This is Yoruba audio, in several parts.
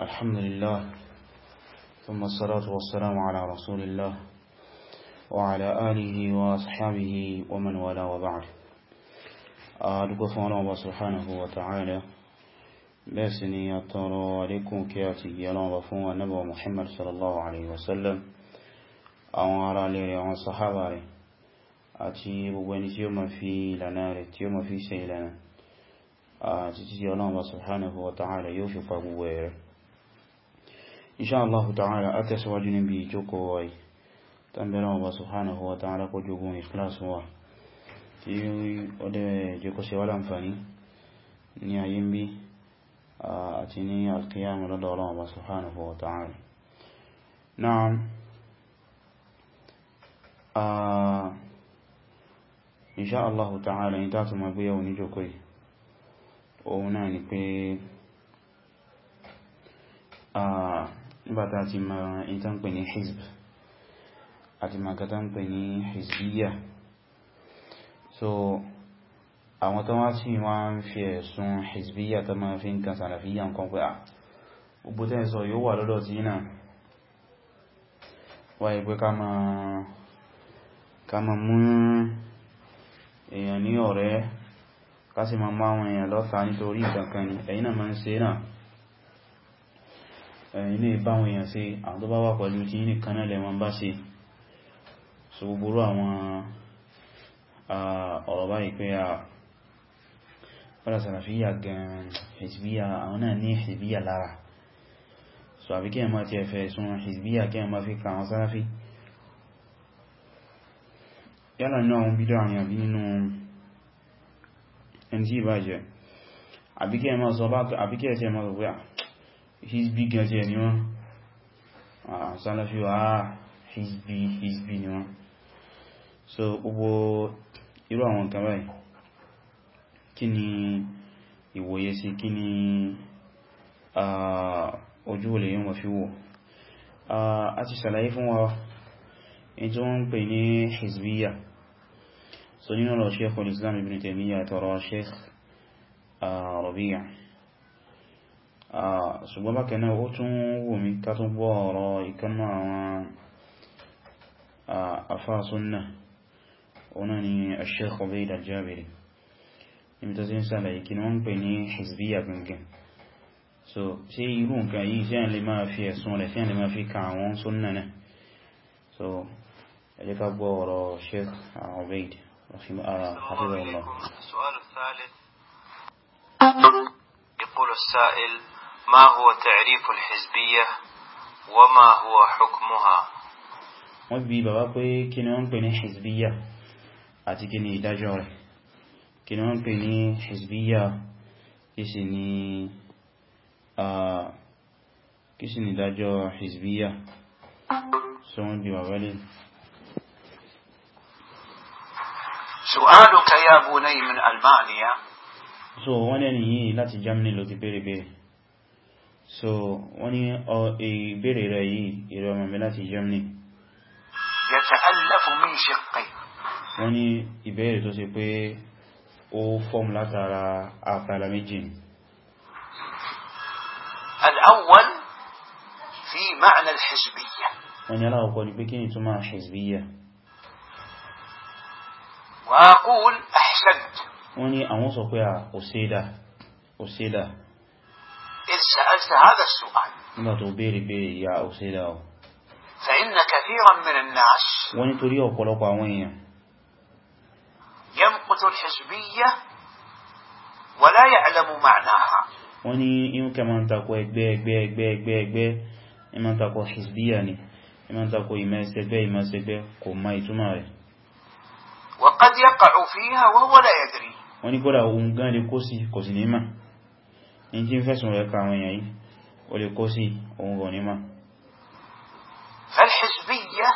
الحمد لله ثم الصلاة والسلام على رسول الله وعلى آله وأصحابه ومن ولا وبعد أدقفنا الله سبحانه وتعالى بسني يطر عليكم كياتي يلون وفون النبو محمد صلى الله عليه وسلم أوارى ليري وصحابة àti gbogbo ẹni tí ó ma fi ìlànà rẹ̀ tí ó ma fi ṣe ìlànà títí tí ọlọ́run subhanahu wa ta'ala yóò fi fa gbogbo ẹ̀rẹ́ insha Allah ta'ala a tẹ́síwájú níbi ìjókòó wáyé tàbílá ọba subhanahu wa ta'ala kó jogun ikhlas wa tí ó dẹ̀ jẹ́ kó ṣe ní ayé ń bí òun náà ni pé nígbàtà ti ma in nkwenye ní hizb àti maka hizbiya so àwọn tán wá sí wá ń fi ẹ̀sùn hizbiya ma fi ń kan sàlàfíyà nǹkan pé à gbogbo tẹ́ sọ yóò wà lọ́dọ̀ tí náà ká ma mú èèyàn ní kásì ma máa wọn èèyàn lọ́ta nítorí ìkankan ni ẹ̀yin náà ma ń ṣe náà ẹ̀yin lè bá wọn èèyàn ṣe àwọn tó bá wà pẹ̀lú tí yí nìkan náà lè wọn bá ṣe so gbogbo àwọn ọ̀rọ̀ báyìí pé a padà sàràfíyà gan hizbíyà àwọn náà ní so àbí kí ẹ máa ti ẹ̀fẹ́ sun hizbíyà kí ẹ máa ẹni tí ìbá jẹ́ àbíkẹ́ ẹmọ́ sọ bá àbíkẹ́ ẹ̀ṣẹ́ ẹmọ́ rẹ̀ hizbi ah, gan ah, ah, so gbogbo irú àwọn nǹkan báyìí kí ni ìwòye sí kí ni ojú olè yíò wọ́n fi wò a ti sàlàyé fún wa ẹjọ́ ń pè ní hizbiya so الله شيخ الإسلام ابن تيمية ترى شيخ tọrọ sheikh rabi' ṣùgbọ́n bákan náà ó tún wù mí ká tún gbọ́ ọ̀rọ̀ ìkanná àwọn afáàsúnnà ọ̀nà ni pè ní hizbiyya gangan so ṣe irú nǹkan yìí ṣe ń lè máa fi ẹ̀sùn rẹ̀ fi ń lè máa fi ka àwọn súnnà náà so ẹ̀lẹ́ka gbọ́ ọ̀rọ̀ sheikh obaid رحمه آه، الله الله السؤال الثالث أه. يقول السائل ما هو تعريف الحزبية وما هو حكمها مبي بابا كوي كنون بني حزبية أتكني دجار كنون بني حزبية كسني آه، كسني دجار حزبية سون دي بابا لي su'aluka ya bunay min Albania so wọ́n ní yìí láti Germany ló ti bèèrè bèèrè so wọ́n ní ìbèèrè rẹ̀ yìí ìrẹ̀ ọmọ mi láti Germany yata'allafu min shiqqayn wọ́n ní ìbèèrè tó ṣe pé ó fọ́m látara àkàlà méjì al-awwal wọ́n ní aláwọ̀kọ́ ni pé kí ni túnmà hizbiyya وأقول أحسنت wọ́n ní àwọn sọ pé òsèdà òsèdà nígbà tó béèrè béèrè ya òsèdà ọ̀ wọ́n ní torí ọ̀pọ̀lọpọ̀ àwọn èèyàn wọ́n ní ìmúkẹ ma ń takọ ẹgbẹ́ ẹgbẹ́ ẹgbẹ́ ẹgbẹ́ ẹgbẹ́ ìmọ̀ takọ hizbíyà ni ìmọ̀ takọ ìmọ̀ ẹsẹgbẹ́ ìmọ̀ ẹsẹgbẹ́ kò má ìtumọ̀ rẹ̀ وقد يقع فيها وهو لا يدري wọ́n ní kódà ohun gan lè kó sí kò sí ní mà ní tí ń fẹ́sùn rẹ̀ ká àwọn èèyàn yìí o lè kó sí ohun gan ní mà فالحزبية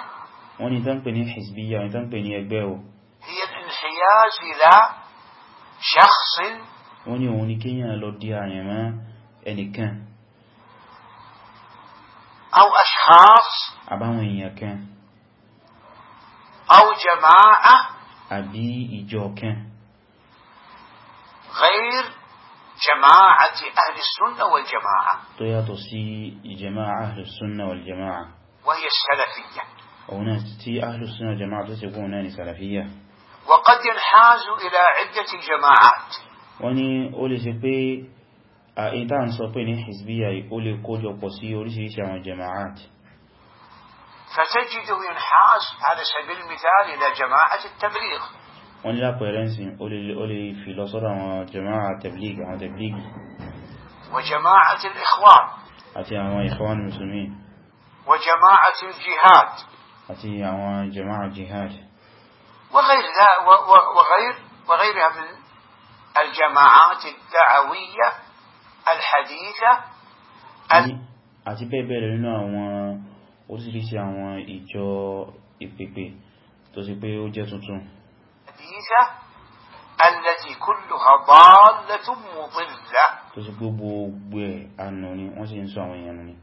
wọ́n ní tán pè ní حزبية wọ́n ní tán pè ní ẹgbẹ́ o هي الانحياز إلى شخص wọ́n ní òun ni kíyàn lọ di àyàn mọ́ ẹnìkan أو أشخاص àbáwọn èèyàn kan أو جماعة أبي إجوك غير جماعة أهل السنة والجماعة. tó سي جماعة أهل السنة والجماعة. وهي السلفية. هنا تي أهل السنة والجماعة تسيكون هنا سلفية. وقد ينحاز إلى عدة جماعات. وني أولي سيبي ṣe pé a أولي ń sọ أولي سيبي جماعات فتجده ينحاز على سبيل المثال إلى جماعة التبليغ وان لا كويرنسي أولي أولي في لصورة جماعة تبليغ عن تبليغ وجماعة الإخوان أتي عن إخوان المسلمين وجماعة الجهاد أتي عن جماعة الجهاد وغير لا وغير وغيرها من الجماعات الدعوية الحديثة أتي بيبير هنا عن oríṣìíríṣìí àwọn ìjọ ìpèpè tó sì pé ó jẹ́ tuntun tó sì gbogbo gbogbo ẹ̀ ànà ni wọ́n sì ń sọ àwọn èèyàn ni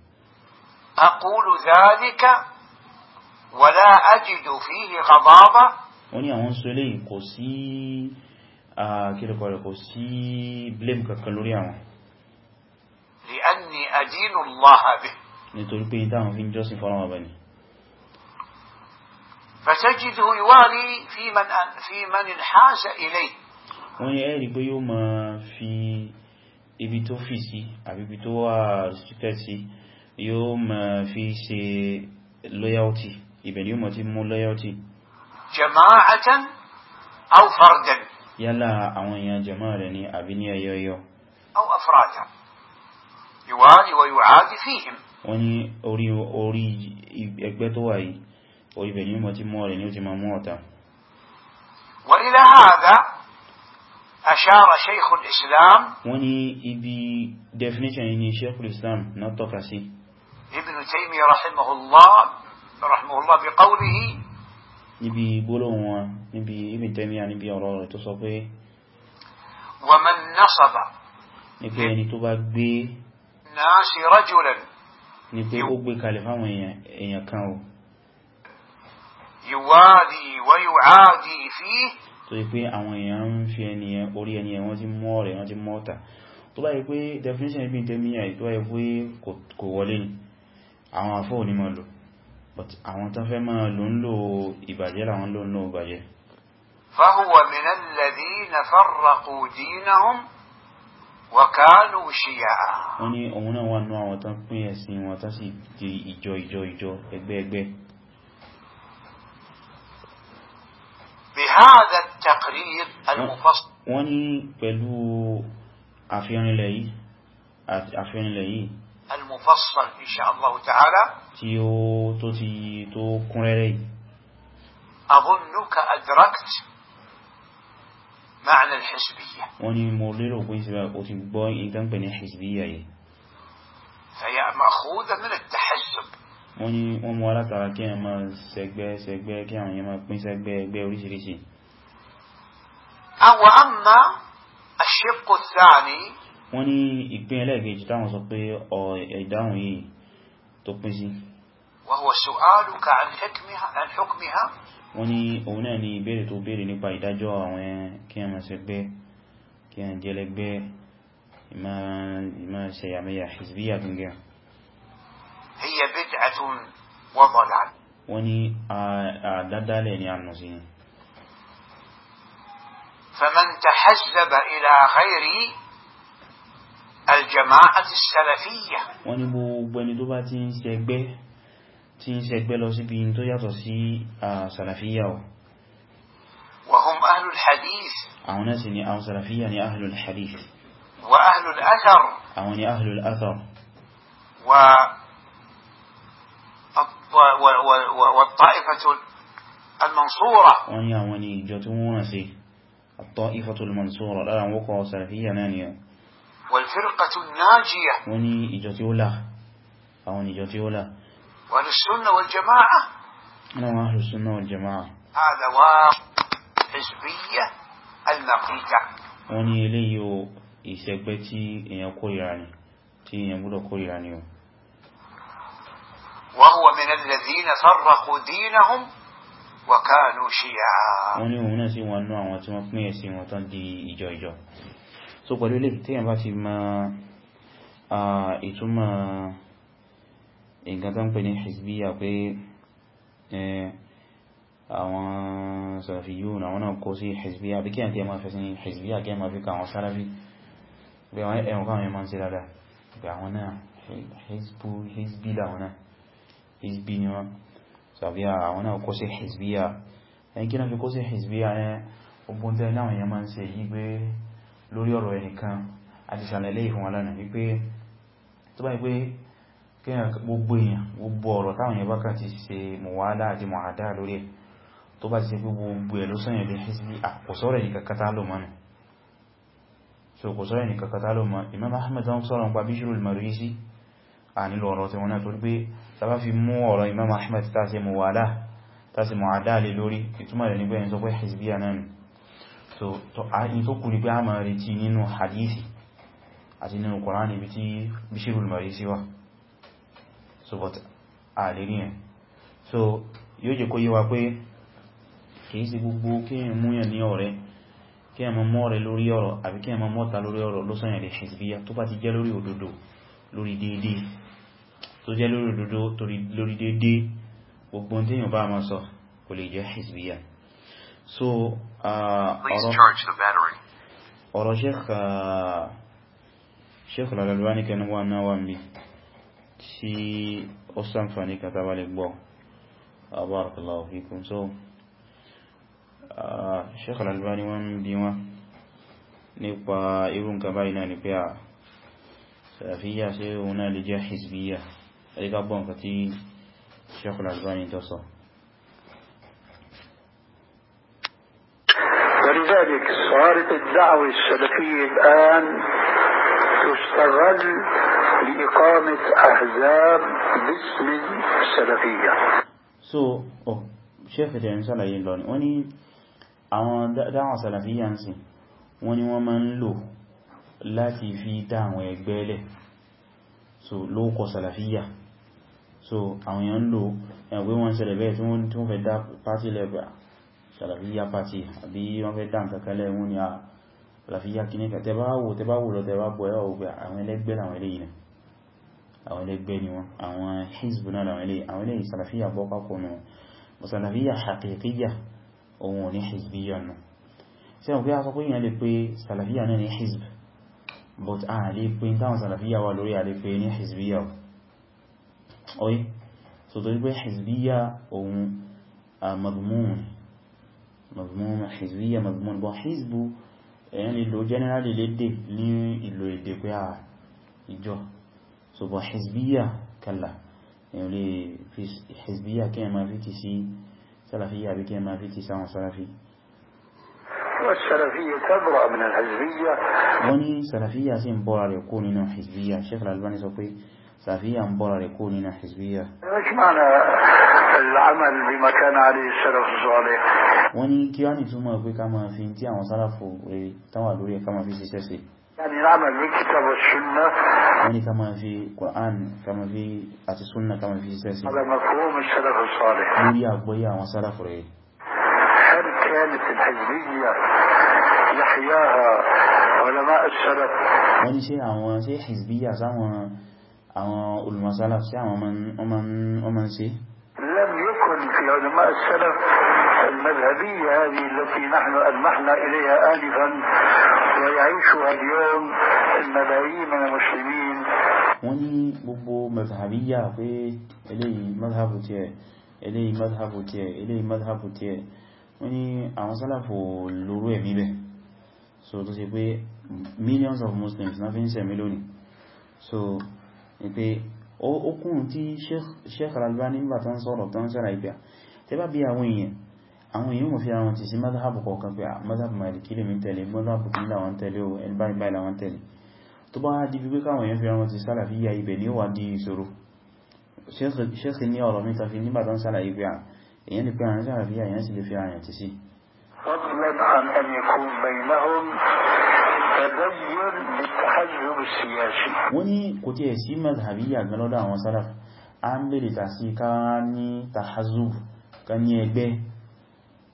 aqulu dhalika wala ajidu fihi ghadaba wọ́n ní àwọn sọ eléyìí kò sí kílùkọ̀ kò sí blame kankan lórí àwọn li'anni nítorí pé ìdáhùn fi ń jọ́sìn fọ́lọ́wọ́ bá ní fàṣẹ́jìdò ìwárí fi manin haṣa ilé wọ́n yẹ ẹ̀rí pé yóò ma fi ibi tó fi sí àbíbi tó wà restricted sí yóò ma fi ṣe loyalty ibẹ̀ ni yóò ma ti mú loyalty jama'atan aw fardan yálà àwọn èèyàn jama'a rẹ̀ ni àbí ní ẹyọyọ aw wọ́n ní orí orí ẹgbẹ́ tó wà yìí orí bẹ̀ ní ó mọ̀ tí mọ́ rẹ̀ ní ó ti máa mú ọ̀tá wa ila hadha ashara shaykhul islam wọ́n ní ibi definition yìí ni shaykhul islam náà tọ́ka sí ibn taymiyyah rahimahullah rahimahullah bi qawlihi níbi gbólóhùn wọn níbi ibn taymiyyah níbi ọ̀rọ̀ rẹ̀ tó sọ pé wa pé ẹni tó bá gbé náà sí rajulan ní pé ó gbé kalẹ̀ fáwọn èèyàn kan o yuwadi wa yuadi fi tó yí pé àwọn èèyàn ń fi ẹni orí ẹni ẹ̀ wọ́n ti mọ́ rẹ̀ wọ́n ti mọ́ ọ̀tà tó bá yí pé definition ibi tẹ́míyà tó bá pé kò wọlé ní àwọn àfọ́ òní mọ́ lò but àwọn tán fẹ́ máa lò ń lò ìbàjẹ́ làwọn lò ń lò ìbàjẹ́ fahuwa min alladhina farraqu dinahum wàkánù ṣíyà wọ́n ní òun náà wà náà wọ́n tán pín ẹ̀sìn wọn tán sì di ìjọ ìjọ ìjọ ẹgbẹ́ ẹgbẹ́ bihada taqrir al-mufassal wọ́n ní pẹ̀lú àfihànilẹ̀ yìí àfihànilẹ̀ yìí al-mufassal tí ó tó ti tó kúnrẹ́rẹ́ yìí معنى الحزبية وني موليرو كويسبا اوتين بوي انكان بني حزبية فهي مأخوذة من التحزب وني ومولا تراكي ما سيغبي سيغبي كي اون يما قيس سيغبي اغبي اوريشيريشي أو اما الشق الثاني وني يبين لك جي تاون سو بي او اداون وهو سؤالك عن حكمها عن حكمها وني اوناني بيرتو بيري ني باي داجو اوين كي ما سبي كي انجلك بي ما ما شي عمليه حزبيه بنجا هي بدعة وضلال وني ا دادالي ني انوزين فمن تحزب الى غيري الجماعة السلفية وني ونبو بني دوباتين سيبه tí ń ṣe gbé lọ síbi tó yàtọ̀ sí sàlàfíyà ọ̀ wàhùn ahlul hadith àwọn náà sì ni àwọn ṣàràfíyà ni ahlul hadith wa ahlul athar àwọn ni ahlul athar wa ta'ifatul al-mansura wọ́n ni àwọn ni ìjọ tí wọ́n wọ́n sí at-ta'ifatul mansura lára àwọn si taifatul sàlàfíyà ko naa ni wọ́n ni ìjọ tí ó lá àwọn ìjọ tí ó lá وأهل السنة والجماعة نعم أهل السنة والجماعة هذا واقع حزبية المقيتة wọ́n ní eléyìí o ìṣẹ́gbẹ́ tí èyàn kórìíra ni tí èyàn gbọ́dọ̀ kórìíra ni o وهو من الذين فرقوا دينهم وكانوا شيعا wọ́n ní òun náà sí wọn náà àwọn tí wọ́n pín ẹ̀sìn wọn tán di ìjọ ìjọ so pẹ̀lú eléyìí tí èyàn bá ti ma ìtumọ̀ nǹkan tó ń pè ní hizbiyya pé àwọn salafiyun àwọn náà kó sí hizbiyya bí kí àti ẹmà fẹ́ sí ní hizbiyya kí ẹmà fi ká àwọn salafi àwọn ẹ̀wọ̀n káwọn ẹmà sí dáadáa bí àwọn náà hizbu hizbi láwọn náà hizbi ni wọ́n sàbí àwọn náà kó sí hizbiyya ẹni kí náà fi kó sí hizbiyya ẹ ogun tẹ́ láwọn èèyàn máa ń ṣe yí pé lórí ọ̀rọ̀ kíyàn gbogbo èèyàn gbogbo ọ̀rọ̀ táwọn yẹn bákà ti ṣe mọ̀wálá àti mọ̀hádá lórí ẹ̀ tó bá ti ṣe gbogbo ẹ̀ ló sọ́yìn lè hizbi àkọsọ́rẹ̀ ní kàkàtà ló mọ́nà so kòsọ́rẹ̀ ní kàkàtà ló mọ́ Imam Ahmad wọn sọ́rọ̀ nípa Bishrul Marisi a nílò ọ̀rọ̀ tí wọ́n náà torí pé tàbá fi mú ọ̀rọ̀ Imam Ahmad tá ṣe mọ̀wálá tá ṣe mọ̀hádá lé lórí ìtumọ̀ rẹ̀ nígbẹ̀yìn so but ààrẹ rí yẹn so yóò jẹ́ kó yé wa pé kìí sí gbogbo kí èyàn múyàn ní ọ̀rẹ́ kí èyàn mọ́ ọ̀rẹ́ lórí ọ̀rọ̀ àbí kí èyàn mọ́ mọ́ta lórí ọ̀rọ̀ ló sọ́yàn lè hizbiyya tó bá ti jẹ́ lórí òdodo lórí dédé tó jẹ́ lórí òdodo lórí dédé gbogbo tí bá máa sọ kò lè jẹ́ hizbiyya so ọ̀rọ̀ Sheikh Al-Albani kẹnu wà náà wà ń tí ó sàǹfàní kàtàbà lè gbọ́ barakallahu fikum so Sheikh Al-Albani wọ́n bí ni pa irú nǹkan báyìí náà ni pé a Salafiyya sí òun náà lè jẹ́ Hizbiyya kati gbọ́n Sheikh Al-Albani tó sọ ولذلك صارت الدعوة السلفية الآن تستغل لإقامة أحزاب باسم السلفية so oh sheikh ti ẹ̀rin ṣàlàyé lọ ni wọ́n ní àwọn dáwọn sàlàfíyà ń sìn wọ́n ní wọ́n máa ń lò láti fi dá àwọn ẹgbẹ́ lẹ̀ so lóòkọ sàlàfíyà so àwọn èèyàn ń lò ẹgbẹ́ wọn ṣẹlẹ̀ bẹ́ẹ̀ tí wọ́n fẹ́ dá pàtí lẹ́gbà ah, sàlàfíyà pàtí àbí wọ́n fẹ́ dá nǹkan kan lẹ̀ wọ́n ní ah, a sàlàfíyà kìnnìkan tẹ́bá wò tẹ́bá wò lọ tẹ́bá bọ̀ ẹ́ àwọn ẹlẹgbẹ́ ni wọn àwọn hizbu náà àwọn ilé àwọn ilé ìsàlàfíyà bọ́pàpọ̀ nù mùsàlàfíyà haqiqiyya ohun òní hizbiyya nù sí ọ̀pẹ́ a sọ pé ìyàn lè pé sàlàfíyà náà ní hizb but a lè pé táwọn sàlàfíyà wà lórí a lè pé ní hizbiyya oí so ìjọ صفو حزبية كلا يعني في حزبية كما ما في تسي سلفية بكما ما في تسي سلفي والسلفية تبرأ من الحزبية وني سلفية سين بولا ليكون إنه حزبية شيخ الألباني صفي سلفية بولا ليكون إنه حزبية ايش معنى العمل بما كان عليه السلف الصالح وني كياني تسمى كما في انتيا وصلاف وطوال كما في سلفي يعني العمل بالكتاب والسنة يعني كما في القرآن كما في السنة كما في سلسلة هذا مفهوم السلف الصالح ويا ويا وسلف رأي هل كانت الحزبية يحياها علماء السلف يعني شيء àwọn شيء حزبية sáwọn àwọn olùmọ̀sálàf sí àwọn ọmọ ń شيء لم يكن في علماء السلف المذهبية هذه التي نحن ألمحنا إليها آنفا ويعيشها اليوم الملايين من المسلمين wọ́n ní مذهبية في pé eléyìí mazhabu tí ẹ̀ eléyìí mazhabu tí ẹ̀ eléyìí mazhabu tí ẹ̀ wọ́n so to say pé millions of muslims na fi ń sẹ̀mí so ni pé ó kún tí Sheikh Al-Albani nígbà tán sọ̀rọ̀ tán sẹ́ra ìpẹ́ tẹ́bá bí àwọn èèyàn àwọn èèyàn mọ̀ sí ara wọn ti sí mazhab kọ̀ọ̀kan pé ah, mazhab maliki lè mi tẹ̀lé mazhab o ẹni báyìí láwọn tẹ̀lé tó bá di bí káwọn èèyàn fi ara wọn ti sálàfíyà ibẹ̀ ní wà di ìṣòro ṣẹ́sì ní ọ̀rọ̀ mẹ́ta fi nígbà tán sálàyé pé ah, èèyàn lè pé àwọn sálàfíyà èèyàn sì lè fi ara ti sí wọ́n ní kò tí ẹ̀ sí mazhabiyya gan àwọn sálàf a ń bèèrè tàṣí ká ní tàhazub ká ní ẹgbẹ́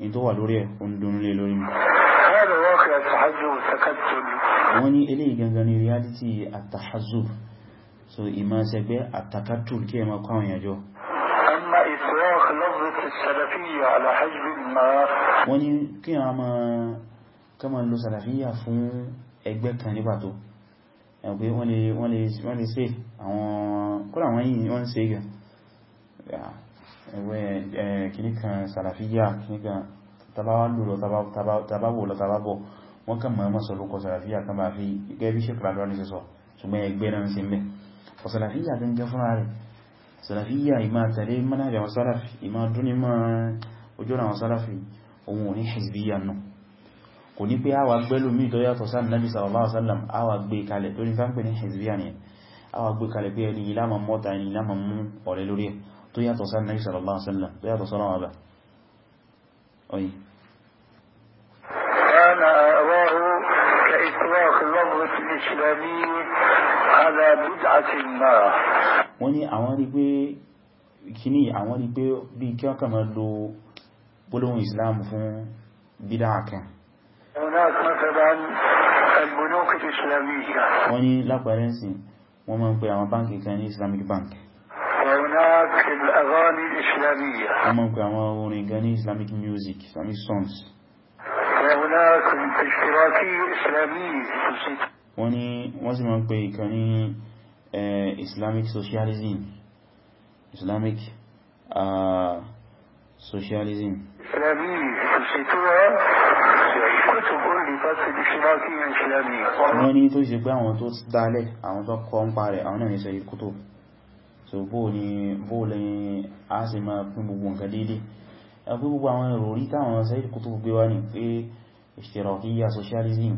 in tó wà lórí ẹ̀ o ń dúnú lé lórí wọ́n ní eléyìí gangan ni reality at so ìmá sẹgbẹ́ at-takattul kí ẹ ma kọ́ àwọn ìyàjọ́ wọ́n ní kí a ma kama lo salafiyya fún ẹgbẹ́ kan ní pàtó ẹgbẹ́ wọ́n lè ṣe àwọn kọ́lá wọ́n yìí wọ́n ṣe gan ẹ̀wẹ́ kìníkan sàràfíyà kìníkan tàbáwà lòrò tàbáwò lọ tàbábọ̀ wọ́n kàn mọ̀ mọ́sọ̀ lókọ sàràfíyà kan bá fi gẹ́bí ṣe pàdánù sọ ṣùgbọ́n ẹgbẹ́ náà sí mẹ́ sàràfíyà gẹ́gẹ́ fúnra rẹ̀ sàràfíyà ìmá tẹ̀lé mọ́nà àwọn sàràfí ìmá dúnni mọ́ ojú àwọn sàràfí ohun òní hizbiyya náà kò ní pé a wà gbẹ́lú mí tó yàtọ̀ sáà nàbí sallallahu alaihi wasallam a ni ìlàmà mọ́ta ìlàmà mú ọ̀rẹ́ lórí ẹ̀ tó yàtọ̀ sáà Nabi sallallahu alaihi wasallam tó yàtọ̀ sọ́rọ̀ ọba oyi أنا أراه كإطلاق لفظ الإسلامي على بدعة ما wọ́n ní àwọn rí pé kíní àwọn rí pé bí kí ọkà máa lo gbólóhùn Islam fún bídá kan wọ́n ní lápẹẹrẹ sí wọ́n máa ń àwọn báńkì kan ní Islamic bank وهناك في الأغاني الإسلامية Islamic music, Islamic songs وهناك اشتراكي إسلامي wọ́n ni wọ́n sì máa ń pè ìkan ní eh, islamic socialism islamic uh, socialism islami ìsìtúwọ́ kòtòkó nípa ti di ṣíláàkì ìsìlámi wọ́n ni tó ṣe pé àwọn tó dálẹ̀ àwọn tó kọ́ ń parẹ̀ àwọn náà ní sẹ́yí kòtòkó so bóòlẹ̀ a sì máa pín gbogbo nǹkan dédé ẹgbẹ́ gbogbo àwọn ìròrí táwọn Sayyid Qutb gbé wá ní pé ishtirakiyya socialism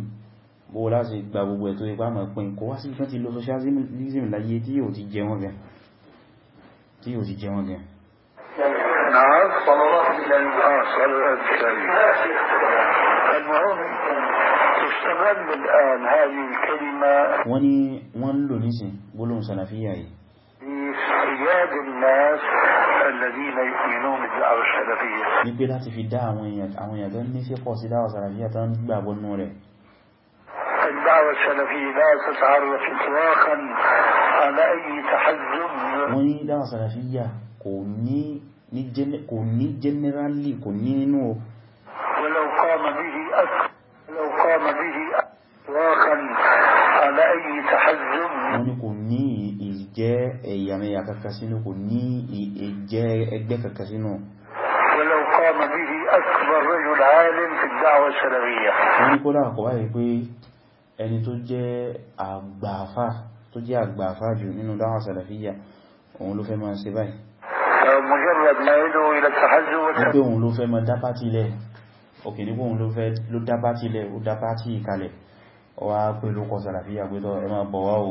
bó láti gba gbogbo ẹ̀tọ́ ipá mọ̀ pín kó wá sí ìfẹ́ ti lo socialism láyé tí yóò ti jẹ wọ́n gan wọ́n ni wọ́n lò nísìn gbólóhùn sàlàfíyà yìí رياض الناس الذين يؤمنون بالدعوة السلفية نبي لا تفي الدعوة عوية نسي قوس دعوة سلفية باب النور الدعوة السلفية لا تتعرف اطلاقا على اي تحزب وني دعوة سلفية كوني كو جنرالي كو ني ولو قام به أكبر لو قام به wọ́n ní kò ní ìjẹ́ ẹ̀yàmẹ̀yà kankan sínú kò ní ìjẹ́ ẹgbẹ́ kankan sínú wọ́n ní kódà kọ̀wá yìí pé ẹni tó jẹ́ àgbàfà tó jẹ́ àgbàfà jù nínú dáwà sàlàfíyà òun ló fẹ́ máa ṣe báyìí òun ló òun ló fẹ́ ló dápá tí ìkalẹ̀ ọwá pẹ̀lú kọ sàràfíà pẹ̀tọ̀ ẹ máa bọ̀ wá o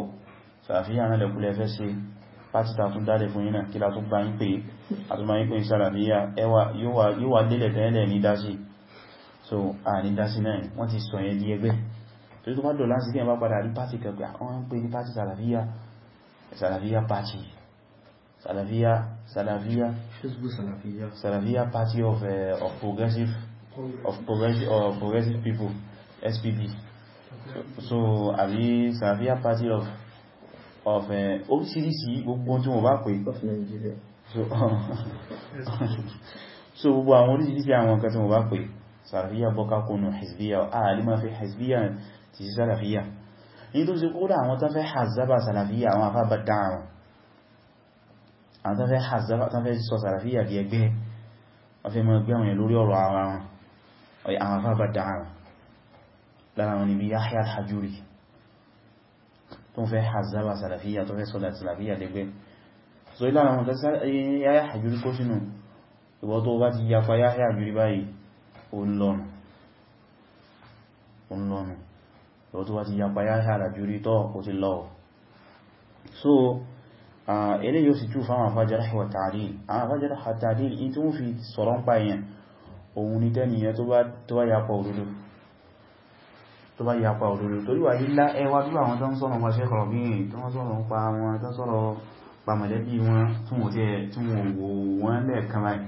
sàràfíà náà lẹ́kúlẹ̀ fẹ́ sí pátítà tún dálẹ̀ fún yínà kí látún bá ń pè àtúnmà ń pè sàràfíà yóò wà délẹ̀ tẹ́lẹ̀ ní dásí so a ní dásí náà wọ́n ti sọ yẹn di ẹgbẹ́ tó tó má dọ̀ láti bí ẹ bá padà rí pátì kẹgbẹ́ ah, wọ́n ń pè ní pátì sàràfíà sàràfíà party of, eh, of progressive of progressive, uh, progressive people SPP so àbí Salafiya party of of eh, orísìírísìí gbogbo tí wọ́n bá pè so so gbogbo àwọn orísìírísìí àwọn nǹkan tí wọ́n bá pè Salafiya bọ́kákónù Hizbiya ààlìmá fi Hizbiya ti sí Salafiya ní tó sì kódà àwọn tán fẹ́ hazaba Salafiya àwọn afábà dáàrùn àwọn tán fẹ́ hazaba tán fẹ́ sọ Salafiya di ẹgbẹ́ wọ́n fẹ́ mọ́ ẹgbẹ́ àwọn lórí ọ̀rọ̀ àwọn afábà dáàrùn lára wọn ni bí Yahya al-Hajuri tó ń fẹ́ hazaba salafiya tó fẹ́ sọ́dá salafiya lẹ́gbẹ́ so ilá àwọn tẹ́sí Yahya al-Hajuri kó sínú ìwọ tó bá ti yafa Yahya al-Hajuri báyìí ó ń lọ́nu ìwọ tó bá ti yafa Yahya al-Hajuri tọ́ ó ti lọ́wọ́ so ilé yóò sì túnfà àwọn afájára wa ta'dil àwọn afájára wa ta'dil in tí wọ́n fi sọ̀rọ̀ ń pa èèyàn òun ni tẹ́niyàn tó bá yapa òdodo tó bá yapa òdòdó torí wà nílá ẹwà bí àwọn tó ń sọ̀rọ̀ wọn ṣẹ́kọ̀ọ́ bí i tó ń sọ̀rọ̀ pa wọn tó ń sọ̀rọ̀ pa mọ̀lẹ́bí wọn tún wò tẹ́ tí wọ́n wò wọ́n lẹ́ẹ̀kan láì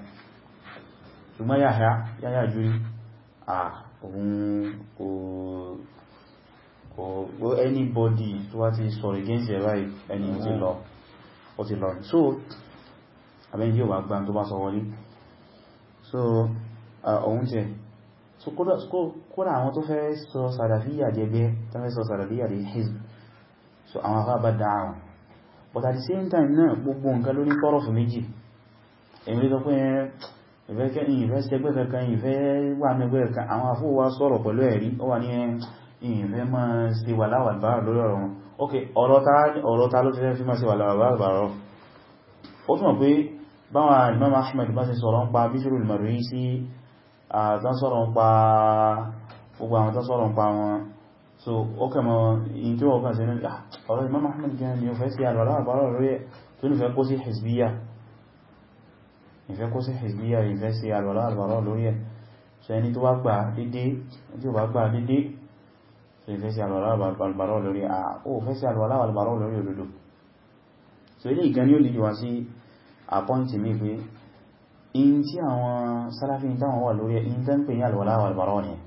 ṣùgbọ́n yáyá yáyá jú ní àwọn anybody tó wá ti sọ̀rọ̀ against ẹ̀ láì ẹni ó ti so abẹ́ni yóò wà gbá tó bá sọ so ọ̀hún tẹ́ so kódà kódà àwọn tó fẹ́ sọ sàràfíyà jẹgbẹ́ tó fẹ́ sọ sàràfíyà di hizb so àwọn afá bá dáa wọn but at the same time náà gbogbo nǹkan ló ní tọ́rọ̀fù méjì èyí lè sọ pé eh, ìfẹ́ ìfẹ́sẹgbẹ́ kankan ìfẹ́ wà mẹ́gbẹ́ kankan àwọn afúwà sọ̀rọ̀ pẹ̀lú ẹ̀rí ó wà ní eh, ìfẹ́ ma ṣe wà láwàlbára lórí ọ̀rọ̀ wọn ok ọ̀rọ̀ ta ló fẹ́ fi ma ṣe wà láwàlbára ó túnmọ̀ pé báwọn Imam Ahmad bá ṣe sọ̀rọ̀ ń pa Bishrul Marisi àtán sọ̀rọ̀ ń pa gbogbo àwọn tó pa wọn so ó kẹmọ in tí wọ́n kàn sí nílá ah, ọ̀rọ̀ Imam Ahmad gan ni ó fẹ́ sí àlọ́lá àbárọ̀ rẹ̀ tó nífẹ́ kó sí hizbiyya ìfẹ́ kó so ẹni tó bá gbà dédé tí so ìfẹ́ sí àlọ́lá àbárọ̀ lórí à ó ah, fẹ́ sí àlọ́lá àbárọ̀ lórí òdodo so ilé ìgan ni ó lè wá sí àpọ́ǹtì mi pé in tí àwọn sálàfin táwọn wà lórí ẹ̀ in tẹ́ ń pè ní àlọ́lá àbárọ̀ nìyẹn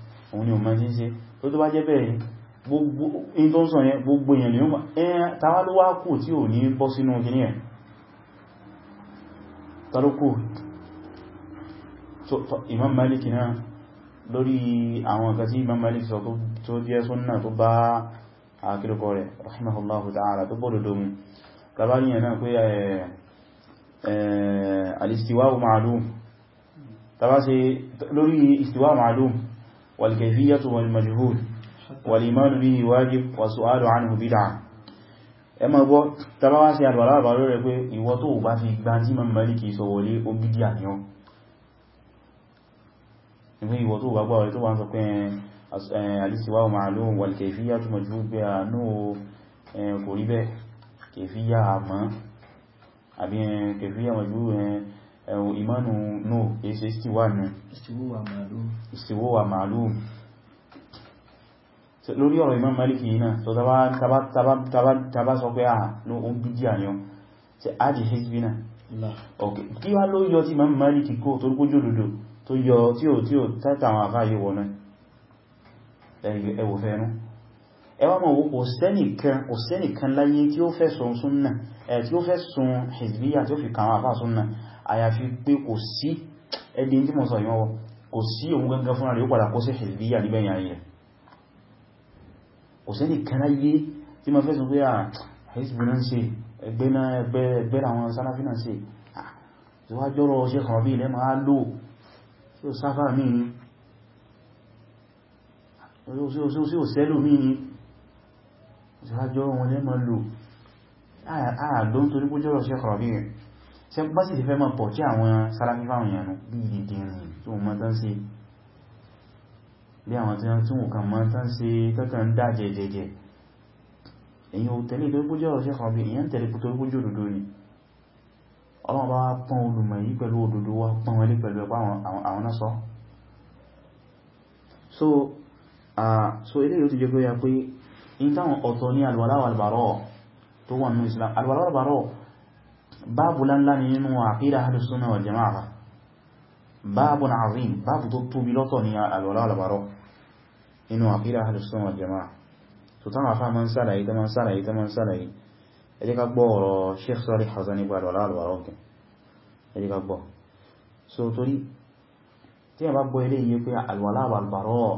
òun ni o ma jíṣẹ́ tó tó bá jẹ́ bẹ́ẹ̀ ní tó ń sọ yẹn gbogbo èèyàn lèyàn ẹ̀yàn tàwà ló wá kù tí ò ní bọ́ sínú kìíní ẹ̀ tàlókù Imam Malik náà lórí àwọn nǹkan tí Imam Malik sọ tó jẹ́ súnnà tó bá àkílùkọ rẹ̀ rahimahullahu ta'ala tó bọ́dọ̀ domin والكيفية والمجهول والإيمان به واجب والسؤال عنه بدعة ẹmọ gbọ́ tàbá wá sí àlùwàlá àbá lórí pé ìwọ tó bá fi gbá tí ma mẹ́lì kìí sọ wọlé ó bí díà ní ọ́ ìwé ìwọ tó bá gbáwọ̀ tó wá ń sọ pé alìsíwá ma'lum wal kayfiyya tó mọ̀jú pé àánú kò ẹ̀wọ̀ ìmánu no èsì istiwa nù istiwo wa ma'lum lórí ọ̀rọ̀ Imam Maliki yìí náà tó tàbá sọ pé àà ah, ló ń bídí àyàn tí a jì hezbi náà kí wá ló yọ tí Imam Maliki kó tó kójú lòdò tó yọ tí ó tí ó tàtàwọn àfáyé wọ náà ẹwọ̀ fẹ́nu ẹwà mọ̀ wó òsẹ́nìkan láyé tí ó fẹ́ sun sunna tí ó fẹ́ sun hezbiya tí ó fi sunna àyàfi pé kò sí ẹdí tí mọ̀ sọ ìwọ̀n kò sí òun gangan fúnra rẹ̀ ó padà kó sí hizbiyya nígbẹ̀yìn ayé kò sẹ́ni kanáyé tí ma fẹ́ sọ pé à ah, hizbu náà ṣe ẹgbẹ́ àwọn sáláfí náà ṣe ah, tí wá jọ́rọ̀ ṣe kàn bí ilẹ̀ máa lò sí ò rẹ̀ ṣe bá sì fẹ́ mọ́ pọ̀ tí àwọn Salafi fáwọn èèyàn bí ìdìdìrìn tó mọ́ tán sí bí àwọn tí wọ́n túnwò kan mọ́ tán sí tọ́kàn dá jẹjẹjẹ èyàn ò tẹ̀lé tó gbójẹ́ ọ̀ṣẹ́ kan bí èyàn tẹ̀lé tó gbójẹ́ òdodo ni Ọlọ́run bá wá pọ́n olùmọ̀ yìí pẹ̀lú òdodo wá pọ́n wọlé pẹ̀lú ẹ̀pá àwọn náà sọ so ilé yóò ti jẹ́ pé ya pé in táwọn ọ̀tọ̀ ní alwàláwà Islam alwàláwà albarọ́ báàbù láńlá ni nínú àkídà alùsùnà wal jama'a báàbù azim báàbù tó tóbi lọ́tọ̀ ni alwala albarọ́ inú àkídà alùsùnà wal jama'a tó tán wà fáà mọ́ sálàyé tó mọ́ sálàyé tó mọ́ sálàyé ẹ jẹ́ ká gbọ́ ọ̀rọ̀ Sheikh Salih Al-Fawzān nípa alwala albarọ́ gẹn ẹ jẹ́ ká gbọ́ so torí tí a bá gbọ́ ilé yìí pé alwala albarọ́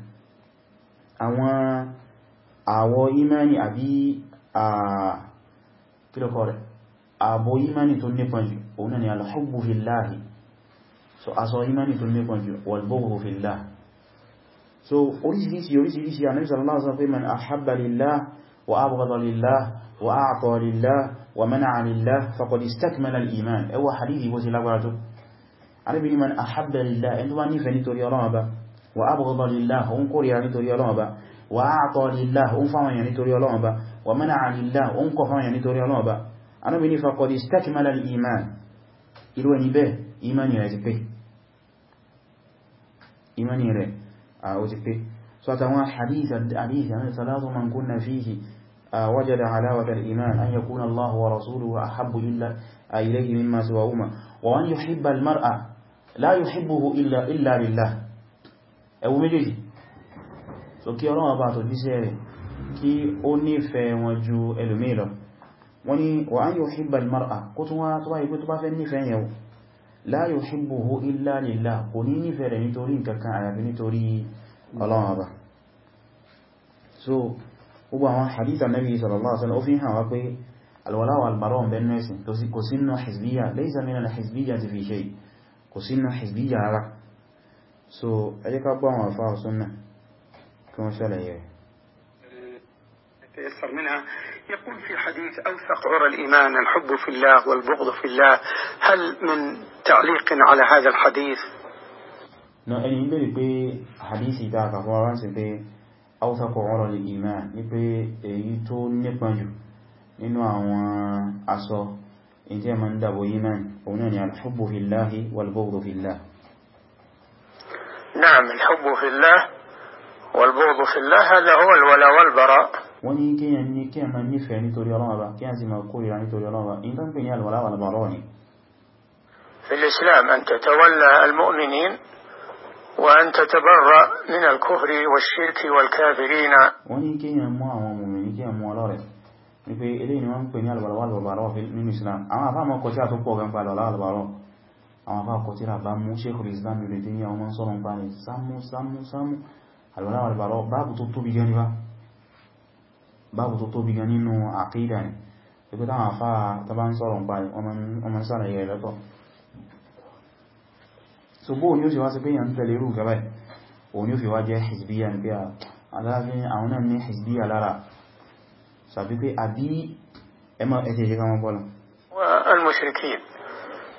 àwọn àwọ̀ imani àbí kílọ̀kọ́ rẹ̀ àbọ̀ imani tó nípọn jù òun náà ni alhubbu fillahi so aṣọ imani tó nípọn jù walboghu fillahi so oríṣiríṣi oríṣiríṣi Ànábì sallallahu alaihi wasallam man ahabba lillah wa wa abghada lillah ó ń kórìíra nítorí Ọlọ́run Ọba wa a'ta lillah ó ń fáwọn èèyàn nítorí Ọlọ́run Ọba wa mana'a lillah ó ń kọ̀ fáwọn èèyàn nítorí Ọlọ́run Ọba anúbi ní faqad istakmala al-iman irú ẹni bẹ́ẹ̀ imani rẹ̀ ti pé imani rẹ̀ ó ti pé so àtàwọn hadith àdíyà ní salatu man kunna fihi wajada halawata al-iman an yakuna Allah wa rasuluhu ahabbu ilayhi mimma siwahuma wa an yuhibba al-mar'a la yuhibbuhu ẹwú méjèèjì so kí ọlọ́wọ́ bá tó díṣẹ́ rẹ̀ kí ó nífẹ̀ẹ́ wọn ju ẹlòmíì lọ wọ́n ni wa an yuhibba al-mar'a kó tún wá tó wáyé pé tó bá fẹ́ nífẹ̀ẹ́ yẹn la yuhibbuhu illa lillah kò ní nífẹ̀ẹ́ rẹ̀ nítorí nǹkankan àyàfi nítorí ọlọ́wọ́ so gbogbo àwọn hadith Ànábì sallallahu alaihi wasallam ó fi hàn wá pé alwala wal bara' bẹ́ẹ̀ nẹ́sìn kò sínú hizbiyya laysa min al-hizbiyyati so ẹjẹ́ ká gbọ́ àwọn àfáà súnnà kí wọ́n ṣàlàyé rẹ̀ يتيسر منها يقول في حديث أوثق عرى الإيمان الحب في الله والبغض في ẹni ń bèèrè pé hadisi ta kàfọ́ ara sí pé áwùsàkọ̀ ọ̀rọ̀ lè ìmá ní pé èyí tó nípan jù nínú àwọn aṣọ ìjẹ́ ma ń dàbò yí náà òun náà ni alhubbu fillahi walbughdu fillahi نعم الحب في الله والبغض في الله هذا هو الولا والبراء وإن كان نيكا ما نفع نتوري الله كان زي ما قولي نتوري الله إن كان بني الولاء والبراء في الإسلام أن تتولى المؤمنين وأن تتبرى من الكفر والشرك والكافرين وإن كان ما هو مؤمن كان ما لارس نبي إلين ما نبني الولاء والبراء في الإسلام أما فما كشاتو بوغن فالولاء والبراء àwọn afá kọ tíra bá mú Sheikhul Islam ilẹ̀ tí ní àwọn sọ́rọ̀ ń bá ní sámú sámú sámú alwàláwàlbàrọ̀ báàbù tó tóbi gan nípa báàbù tó tóbi gan nínú àkídà ni pẹ̀lú táwọn afá tàbá ń sọ́rọ̀ ń bá ní ọmọ sára yẹ lọ́tọ̀ so bóò ni ó sì wá sí pé yàn sàbí pé àbí ẹmọ ẹ̀tẹ̀ ìjẹ́ kama bọ́lá al-mushrikin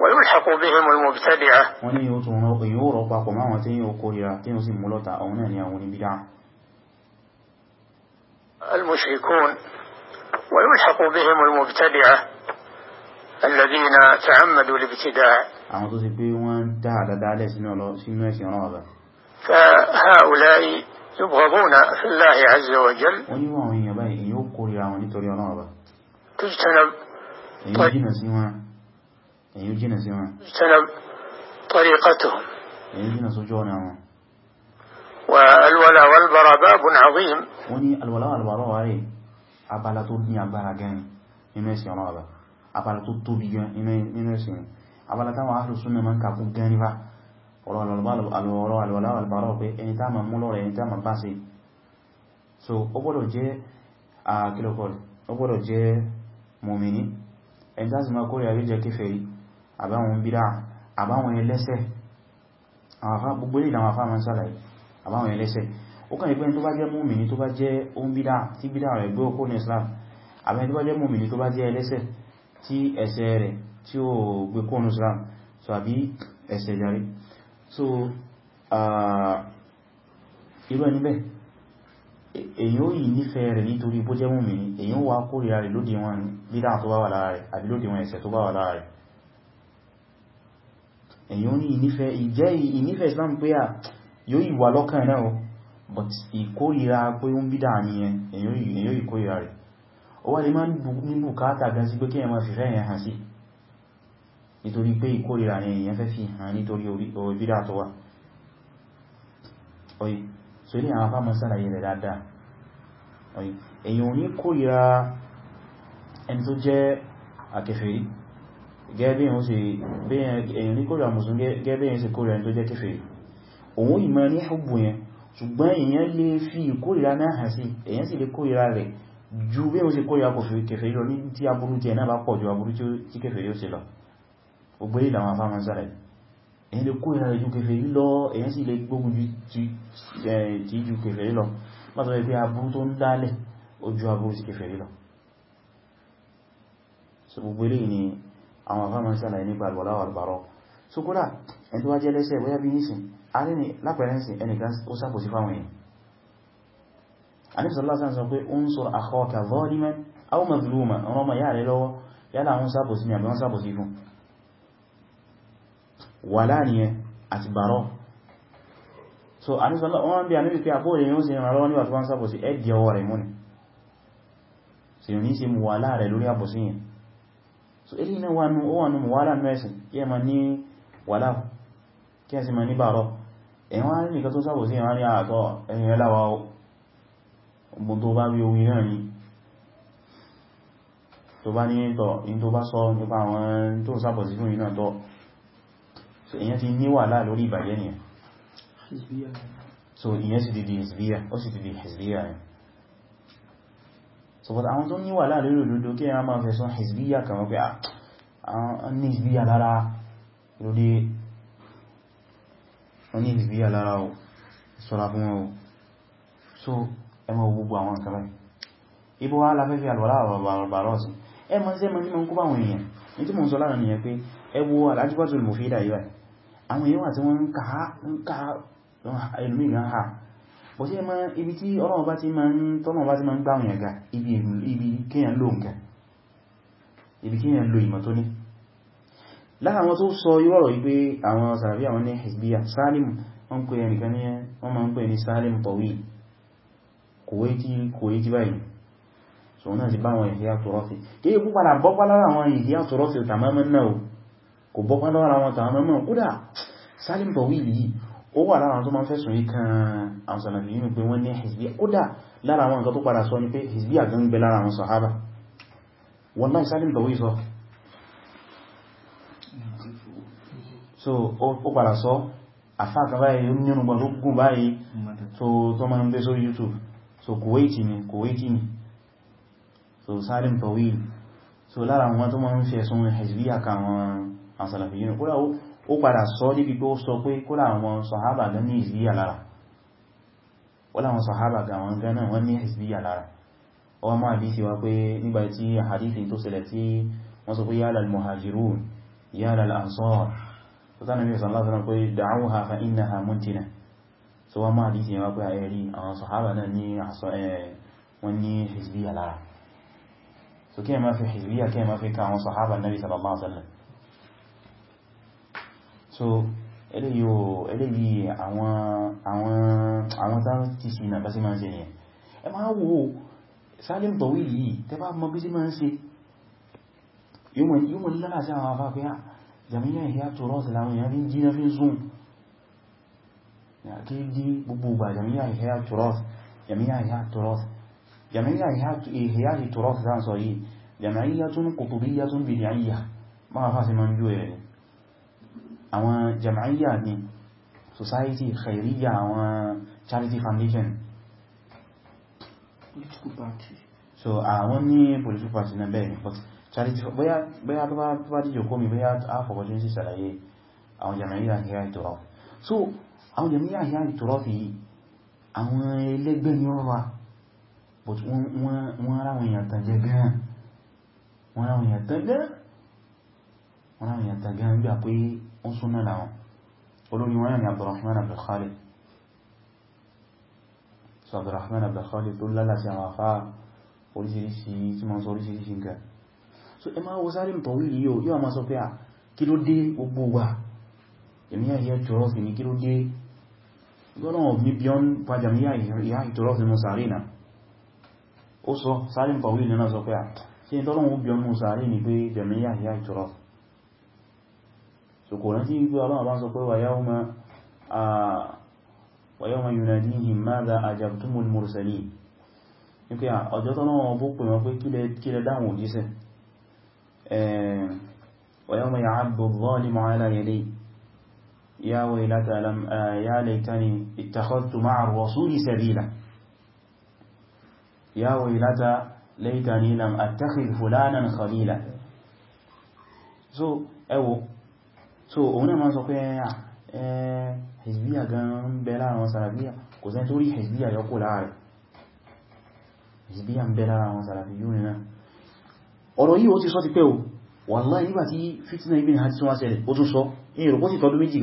ويلحق بهم المبتدعة المشركون ويلحق بهم المبتدعة الذين تعمدوا الابتداع فهؤلاء يبغضون في الله عز وجل تجتنب طيب ẹ̀yin jìnà sí wọn طريقتهم والولاء والبراء باب عظيم وني الولاء والبراء عليه abala tó ní agbára gan nínú ẹ̀sìn ọ̀nà ọ̀bá abala tó tóbi gan nínú ẹ̀sìn abala táwọn ahlu sunna ma ń kàkún gan nípa ọ̀rọ̀ alwala albara pé ẹni tá ma múlọ rẹ̀ ẹni tá ma bá sí so ó gbọ́dọ̀ jẹ́ àkílọ̀kọ̀lù ah, ó gbọ́dọ̀ jẹ́ mùmínì ẹni tá sì ma kórè àríjẹ kéfèrí àbáwọn bídá àbáwọn ẹlẹ́sẹ̀ gbogbo ilé ìdáwọn afá máa sálàyé àbáwọn ẹlẹ́sẹ̀ ó kàn ìpẹ́ tó bá jẹ́ múmìnì tó bá jẹ́ ohun bídá tí bídá rẹ̀ gbé okó ní Islam àbẹ́ tó bá jẹ́ múmìnì tó bá jẹ́ ẹlẹ́sẹ̀ tí ẹsẹ̀ rẹ̀ tí ó gbé kó ní Islam so àbí ẹsẹ̀ jari so irú ẹni bẹ́ èyàn yìí nífẹ̀ẹ́ rẹ̀ nítorí bó jẹ́ múmìnì èyàn wà kórìíra rẹ̀ lódiwọ̀n bídá tó bá wà lára rẹ̀ àbí lódiwọ̀n ẹsẹ̀ tó bá wà lára rẹ̀ èyàn ní ìnífẹ́ ìjẹ́ ìnífẹ́ Islam pé à yóò ìwà lọ́kàn náà but ìkórìíra pé ó ń bídà ní èyàn ìkórìíra rẹ̀ ó wà lè máa ní bùkátà gan sí pé kí èyàn máa fìfẹ́ hàn sí nítorí pé ìkórìíra ni èyàn fẹ́ fi hàn nítorí orí bídà tó wà oyi so ilé àwọn afámọ́ sàlàyé rẹ̀ gẹ́bẹ̀yàn sí kórìíra tó jẹ́ kèfèrí òun ìmọ̀ ní hubbu yẹn ṣùgbọ́n èyàn lè fi ìkórìíra náà hàn sí èyàn sì lè kórìíra rẹ̀ ju bí wọ́n ṣe kórìíra kèfèrí lọ ní tí aburú jẹ náà bá pọ̀ ju aburú tí kèfèrí ó ṣe lọ ògbé ìlànà afá máa sára èyàn lè kórìíra rẹ̀ ju kèfèrí lọ èyàn sì lè gbógun ti ju kèfèrí lọ látọ̀ pé aburú tó ń ni àwọn afẹ́mọ̀ sẹ́lẹ̀ nípa alwàláwà albarọ́ so kódà ẹni tó wá jẹ́ lẹ́sẹ̀ wọ́yá bí nísìn arí ni lápẹ̀rẹ́nsìn ẹnìkan ó sàpòsí fáwọn èèyàn àníbìsọ̀lá sáà sọ pé ó ń sọ àkọ́ọ̀kà zaliman aw mazluma ọmọ ọmọ yà rẹ lọ́wọ́ yálà àwọn sàpòsí ni àbí wọ́n sàpòsí fún wà láàrin àti bàrọ́ so àníbìsọ̀lá wọ́n bí àníbì pé àpóòrè yóò sì rán lọ́wọ́ nígbà tó wọ́n sàpòsí ẹ̀dì ọwọ́ rẹ̀ múni sí mú wà so ilé iná wà nù wà nù wàhálà mẹ́sìn kí ẹ ma ní wàhálà kí ẹ sì ma ní bàárọ̀ ẹ̀wọ́n á nìkan tó sábò sí ẹ̀wọ́n ní àtọ́ ẹ̀yìn ẹláwà ọgbọ̀n tó bá bí omi náà ní tó bá ní tọ̀ in tó bá sọ nípa àwọn tó sábò sí fún iná tọ́ so ìyẹn ti ní wàhálà lórí ìbàjẹ́ nìyẹn so ìyẹn sì ti di hizbiya ó sì ti di hizbiya yẹn so but àwọn tó ní wà láàrin olódó kí ẹran máa fẹ̀sùn hizbiyya kàmọ́ pé ah, àwọn ní hizbiyya lára lórí wọ́n ní hizbiyya lára o sọ́ra fún wọn o so ẹmọ gbogbo àwọn kàmọ́ ibo wá láfẹ́fẹ́ alwọ́lá àbàrọ̀sì ẹmọ sí ẹmọ tí mọ́ ń kó báwọn èèyàn ní tí mọ́ ń sọ láàrin nìyẹn pé ẹwọ alájúbọ́tò mọ̀fídà yíwa àwọn èèyàn bọ̀ sí ẹmọ ibi tí Ọlọ́run bá ti ma ń gbáwọn ẹ̀gá ibi kíyàn lò nǹkan ibi kíyàn lò ìmọ̀ tó ní lára wọn tó sọ yíwọ̀rọ̀ wípé àwọn sàràbí àwọn ní hezbiya salim wọ́n pè ẹnìkan ní wọ́n ma ń pè ní salim tawil kòwétí kòwétí báyìí so náà ti bá àwọn ìhìyà tòrọ́fì kéyí púpadà bọ́pá lára àwọn ìhìyà tòrọ́fì tàmọ́mọ́ náà kò bọ́pá lára àwọn tàmọ́mọ́ kódà salim tawil yìí ó wà lára tó máa fẹ́sùn yí kan àwọn sàlàfí yìí pé wọ́n ní hizbiya ó dà lára àwọn nǹkan tó padà sọ ní pé hizbiya gan bẹ lára àwọn sàhábà wallahi Salim Dawood sọ so ó padà sọ àfáàkà báyìí ó nínú gbọ́n tó gùn báyìí tó YouTube so Kuwaiti ni Kuwaiti ni so Salim Dawood so lára àwọn tó máa ń fẹ́sùn hizbiya kan àwọn sàlàfí yìí ó padà sọ níbi tó sọ pé kódà àwọn sọ̀hábà gan ní ìsbíyà lára wọ́n láwọn sọ̀hábà gan wọn gan náà wọ́n ní ìsbíyà lára ọwọ́ máa bí sí wa pé nígbà tí hadithin tó ṣẹlẹ̀ tí wọ́n sọ pé yálal muhajirun yálal ansar tó tánà bí sallallahu alaihi wasallam pé da'uha fa innaha muntina so wọ́n máa bí so eléyìí àwọn tàà ti sí ìnà bá sí máa ń ṣe ni ẹ wo Salim Tawil yìí tẹbá mọ́ bí sí máa ń ṣe yíò mọ̀ lára sí àwọn afáfẹ́ à ah, jàmíyà ìyá tó rọ́ọ̀sì láwọn èèyàn ń jína fi zoom kí dí gbogbo ìgbà jàmíyà ìyá tó rọ́ọ̀sì jàmíyà ìyá tó rọ́ọ̀sì jàmíyà ìyá tó rọ́ọ̀sì láwọn sọ yìí jàmíyà tó ń kòtòbíyà tó ń bìnìyà máa fásí máa ń jú ẹ̀rẹ̀ àwọn jama'iyya ni society khairiyya àwọn charity foundation political party so àwọn ní political party na bẹ́ẹ̀ but charity bóyá tó bá díjò kómi bóyá àfọ̀kọ́jú sí sàlàyé àwọn jama'iyya hiya ìtòrọ so àwọn jama'iyya hiya ìtòrọ fi àwọn ẹlẹ́gbẹ́ ni wọ́n wà but wọ́n ráwọn èèyàn tàn jẹ gan wọ́n ráwọn èèyàn tàn gan bí i ń súnmọ́ láwọn olórí wọn ni Abdurrahman Abdul Khalid so Abdurrahman Abdul Khalid tó lálàtí àwọn afá oríṣiríṣi tí ma ń sọ oríṣiríṣi nǹkan so ẹ máa wo sáré mọ̀ wílì yóò yóò máa sọ pé à kí ló dé gbogbo wa èmi àyẹ́ tọrọ sí ni kí ló dé gọ́nà ní bíọ́n pàjámi ìyá ìtọrọ sí mọ́ sáré náà ó sọ sáré mọ̀ wílì náà sọ so kò rántí wípé ọlọ́run bá sọ pé wa yawma yunadihim madha ajabtumul mursalin wípé ọjọ́ tó tọ́lọ́wọ́n bó pè wọ́n pé kílẹ̀ dáhùn òjíṣẹ́ wa yawma ya'addu adh 'ala yadayhi ya waylata ya laytani ittakhadhtu ma'a ar-rasuli sabila ya waylata laytani lam attakhidh fulanan khalila so ẹwọ so òun náà máa sọ pé hezbiya gan ń bẹ lára wọn sàràbíyà kò sẹ́ tó rí hezbiya yọkò láàrẹ̀ hezbiya ń bẹ lára wọn sàràbí yóò náà ọ̀rọ̀ yìí ó ti sọ ti pẹ́ o wallahi nígbà tí fitna ibi ni a ti tún wá ṣẹlẹ̀ ó tún sọ èyí rọ̀pọ̀ sí tọdún méjì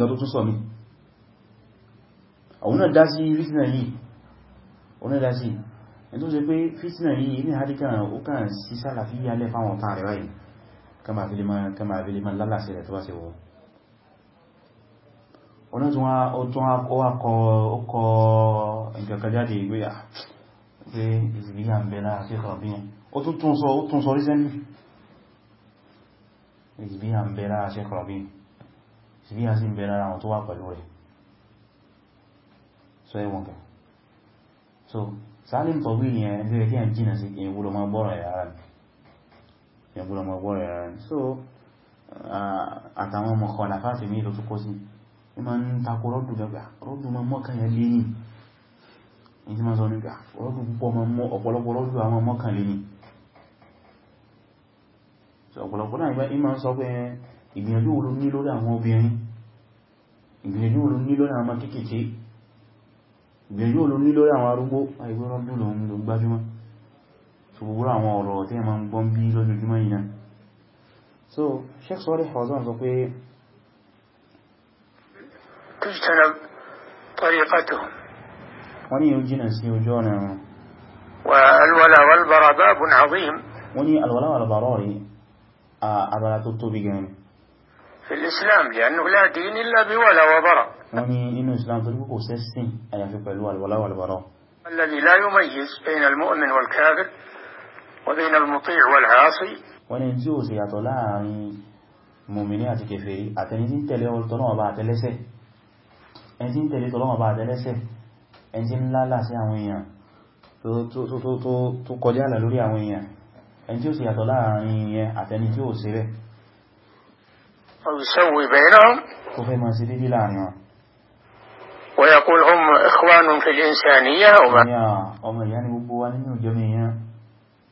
ṣe pé fitna yìí ní àdíkà ó kàn sí sálàfíyà lẹ́fàwọn ọ̀tá báyìí kama fi lálàṣẹ́ rẹ̀ tó bá ṣe wọ́n ọ̀nà tí wọ́n tún ọkọ̀ ìgbẹ̀kọ̀jáde ìgbé à pé ah, ìsìnkú à ń bẹ lára fíkà bí i ó tún sọ recently ìsìnkú à ń bẹ lára fíkà bí i ìsìnkú à sí ń àwọn tó wà pẹ̀lú rẹ̀ so ẹwọ̀n kẹ Salim tọ̀wí yẹn lórí kí ẹ̀ jìnà sí èyàn gbọ́dọ̀ máa gbọ́rọ̀ ẹ̀yà rẹ̀ so àtàwọn ọmọkọ̀ làfáàfẹ́ mí lọ tó kó sí ní ma ń takò rọ́dù gbogbo rọ́dù ma mọ́kànlẹ̀ lé ní ìdí ma sọ nígbà rọ́dù púpọ̀ ma mọ́ ọ̀pọ̀lọpọ̀ rọ́dù àwọn mọ́kànlẹ̀ ní ọ̀pọ̀lọpọ̀ náà ìmá sọ pé ìgbìyànjú wo ló ní lórí àwọn obìnrin ìgbìyànjú wo ló ní lórí àwọn kéékèèké ìgbìyànjú wo ló ní lórí so gbogbo àwọn ọ̀rọ̀ sọ pé تجتنب طريقتهم وني الجنس يوجونا والولا والبراء باب عظيم وني الولا والبراء آه، أبلا تطبيقين في الإسلام لأنه لا دين إلا بولا وبراء وني إنه إسلام تلقوا سيستين أي في قلوة الولا والبراء الذي لا يميز بين المؤمن والكافر وبين المطيع والعاصي وننزوز يا طلاني مؤمنات كفي أتنزين تلي والطلوع بعد ẹni tí ń tẹ̀lé tọ́lọ́wọ́ bá àdẹ́lẹ́sẹ̀ ẹni tí ń lálà sí àwọn èèyàn tó kọjá àlà lórí àwọn èèyàn ẹni tí ó sì yàtọ̀ láàrin ìyẹn àtẹni tí ó sì rẹ̀ ó fẹ́ máa sí dídí láàrin wọn ويقول هم إخوان في الإنسانية ọmọ ìyá ni gbogbo wa nínú ìjọmọ̀ èèyàn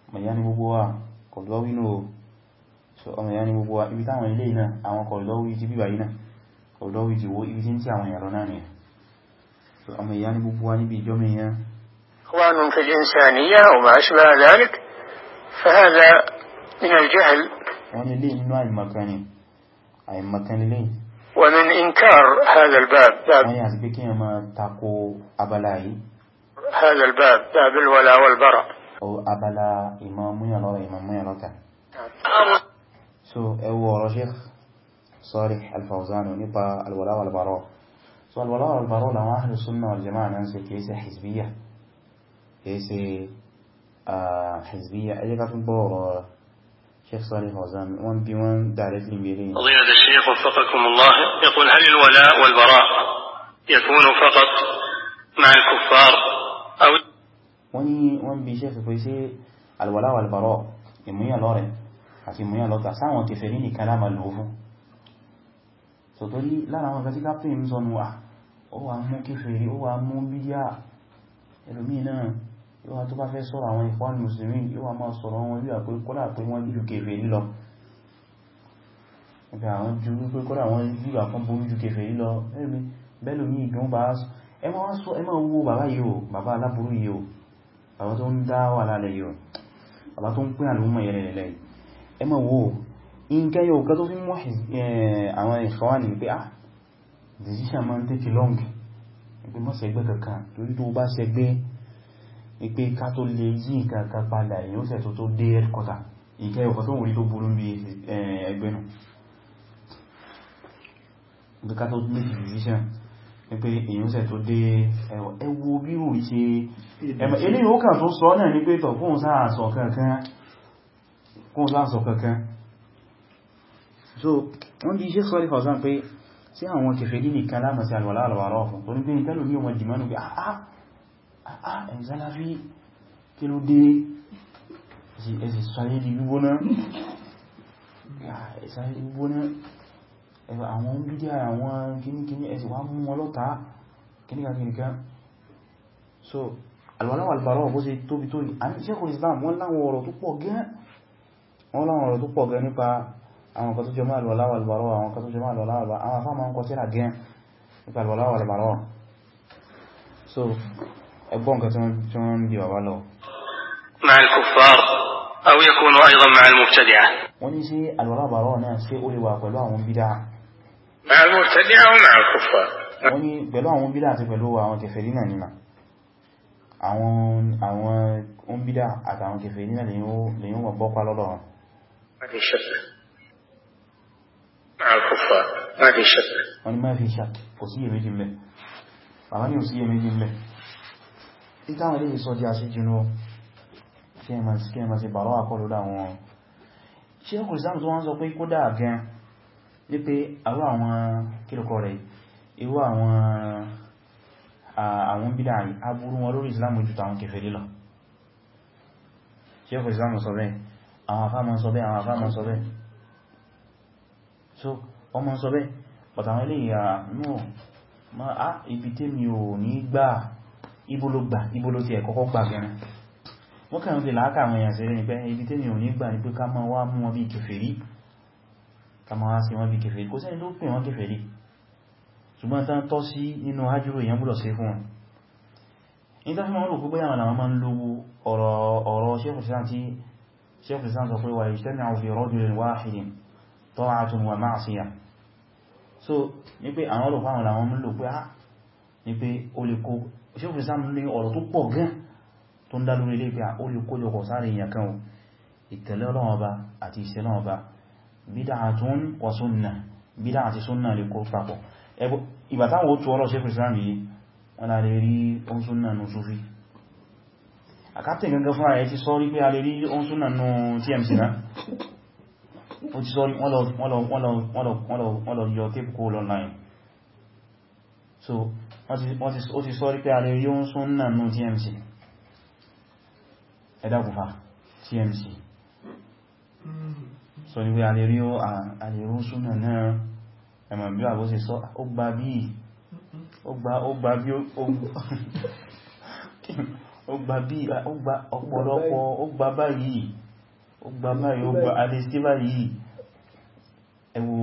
ọmọ ìyá ni gbogbo wa kọ̀lọ́wí náà ọmọ ìyá ni gbogbo wa ibi táwọn ilé ìná àwọn kọ̀lọ́wí ọ̀dọ́ wìtí wo ibi tí ń tí àwọn ẹ̀rọ náà ni so ọmọ ìyá ní gbogbo wa níbi ìjọmọ ìyá إخوان في الإنسانية وما أشبه ذلك فهذا من الجهل ومن إنكار هذا الباب باب هذا الباب باب الولاء والبراء أبلا إمامي الله إمامي الله so ẹ wo ọ̀rọ̀ sheikh صالح الفوزان ونطى الولاء والبراء so الولاء والبراء لو أهل السنة والجماعة ننسى نعم، كيسة حزبية كيسة آه حزبية أي قد بور آه، شيخ صالح الفوزان وان بي وان دايركت لي فضيلة الشيخ وفقكم الله يقول هل الولاء والبراء يكون فقط مع الكفار أو وان وان بي شيخ كويسة الولاء والبراء يمويا لوري àti ìmúyàn lọ́ta sáwọn kèfèrí nìkan láàmà lòó so torí lára àwọn kàtí captain ń sọnù wà ah, ó wà mú kéfèrí ó wà mú bídíà ẹlòmí náà yíwa tó bá fẹ́ sọ̀rọ̀ àwọn ìfọ́n musulmi yíwa máa sọ̀rọ̀ wọn yíwa pé kọ́lá pé wọ́n jù kéfèrí lọ ẹgbẹ̀ àwọn jù pé kọ́lá wọ́n yíwa kan borí jù kéfèrí lọ bẹ́lòmí ìdún bá ẹ máa sọ ẹ máa wo bàbá nǹkan yóò kan tó fi mú eh, àwọn ìfọwà ní pé ah decision ma ń tẹ́kì long pé mọ́ sẹ́gbẹ́ kankan torí tó bá sẹ́gbẹ́ pé ká tó lè yí nǹkan kan padà èyí ó sẹ́ tó tó dé headquarter nǹkan yóò kan tó wùrí tó burú bí eh, ẹgbẹ́ nù pé ká tó lè decision pé èyí ó sẹ́ tó dé eh, ẹwọ bírù ṣe eléyìí ó kàn tó sọ náà ní pé tọ̀ fóun sáà sọ kankan so wọ́n bí Sheikh Saalih Al Fawzān pé sí àwọn kèfèrí nìkan lámàtí alwàlá alwàrá ọ̀fún torí pé ìtẹ́lù ní ọmọ jìmánù pé àà ah, ah, ah, ẹ̀zálàfí kí ló dé ẹ̀sì sọ́lé di gbígbóná ẹ̀bà àwọn bídí àwọn kìnnìkìnnì ẹ̀sì wá mú wọn lọ́ta kìnnìkìnnìkan so alwàlá alwàrá ọ̀fún sí tóbi tóbi àti Sheikhul Islam wọ́n láwọn ọ̀rọ̀ tó pọ̀ gan nípa àwọn kan tó jẹ máa lọ́lá wà lọ́wọ́ àwọn kan tó jẹ máa lọ́lá wà lọ́wọ́ àwọn afọ́mọ́ ń kọ so ẹgbọ́n kan tí wọ́n ń bí bàbá lọ مع الكفار أو يكون أيضا مع المبتدعة ونسي الولاء براء ناس في أولي وقلوا عن بدع مع المبتدعة ومع الكفار وني بلو عن بدع تفلوا عن كفرين نما àwọn àwọn oúnbídá àtàwọn kèfèé nílẹ̀ lèyìn wọ́n bọ́pá lọ́dọ̀ wọn. عفوا ما في شك يعني ما في شك وصية من الله أغاني وصية من الله إنت عمل إيه صوتي عسي جنو كيما كيما سي براء قولوا لهم ṣe ọkùnrin sáàmù tó wọ́n sọ pé kó dáa gan ní pé àwọ àwọn kílùkọ rẹ̀ ìwọ àwọn àwọn bídá aburú wọn lórí Islam jù tàwọn kèfèrí lọ ṣe ọkùnrin sáàmù sọ bẹ́ẹ̀ àwọn afáàmù sọ bẹ́ẹ̀ àwọn afáàmù sọ bẹ́ẹ̀ ọmọ sọ bẹ́ pàtàwọn ilé ìyà náà ma á ibi tí mi ò ní gbà ibolo gbà ibolo ti ẹ̀kọ́kọ́ gbà gẹ̀rẹ̀ wọ́n kàn fi láàkà àwọn èèyàn sẹ́rẹ́ nípẹ́ ibi tí mi ò ní gbà ní pé ká máa wá mú wọn bí kèfèrí ká máa wá sí wọn bí kèfèrí kò sẹ́ni ló pè wọn kèfèrí ṣùgbọ́n tán tọ́ sí nínú hajjúrò èèyàn gbọ́dọ̀ sí fún wọn ní tán fi ta'atun wa ma'siyah so ní pé àwọn olùkọ́ àwọn làwọn mú lò pé á ah, ní pé ó lè kó ṣéfù Islam ní ọ̀rọ̀ tó pọ̀ gan tó ń dá lórí ilé pé ah, ó lè kó jọkọ̀ sáré èèyàn kan ìtẹ̀lẹ́ Ọlọ́run Ọba àti sunnah bídá àti súnnà lè kó papọ̀ ìgbà táwọn ó tú ọlọ́ ṣe kìrìsìlámì yìí wọ́n lè rí oun súnnà nù súfí àkátẹ̀ gangan fún ó ti sọ wọ́n lọ yọ cape coal online so ó ti sọ rí pé ààrẹ yóò ń sún náà nù TMC ẹ̀dàkùfà TMC so ni pé ààrẹ rí ó ààrẹ rú sún náà náà ẹ̀mọ̀ bí àbó sì sọ ó gba bí ó gba bí ó gba bí ó gba ọ̀pọ̀lọpọ̀ ó gba báyìí ó gbá báyìí ó gbá alẹ́ sí báyìí ẹwò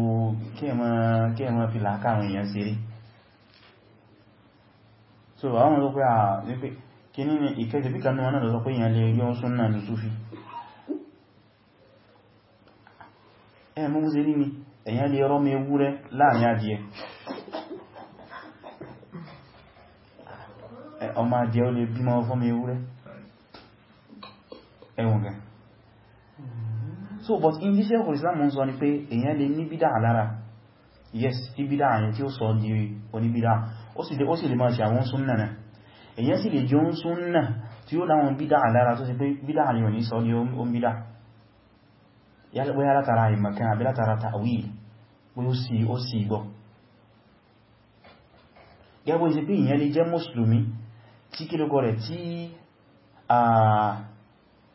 kíẹ̀mọ́ fi làákà àwọn èèyàn ṣeré so àwọn olóògbé à ní pé kí ní ìkẹ́jẹ̀ bí kanú wọn náà lọ pé èèyàn lè yọ súnnà ní súfí ẹ mú sí ní èèyàn lè rọ́ mi ewúrẹ́ láàrin adìẹ ọmọ adìẹ ó lè bímọ fún mi ewúrẹ́ ẹwọ̀n gan so but in this ẹ̀kùn islam ń sọ ni pé èyàn lè ní bídá lára yes ní bídá àyẹ tí ó sọ di oníbídá ó sì lè máa ṣe àwọn súnnà náà èyàn sì lè jẹ oún súnnà tí ó láwọn bídá lára tó sì pé bídá àyẹ òní sọ di oún bídá yálẹ́gbẹ́ látara ìmọ̀kan àbí látara ta'wil pé ó sì ó sì gbọ́ gẹ́gbẹ́ ìsẹ́ pé èyàn lè jẹ́ mùsùlùmí tí kílógọ́ rẹ̀ tí àà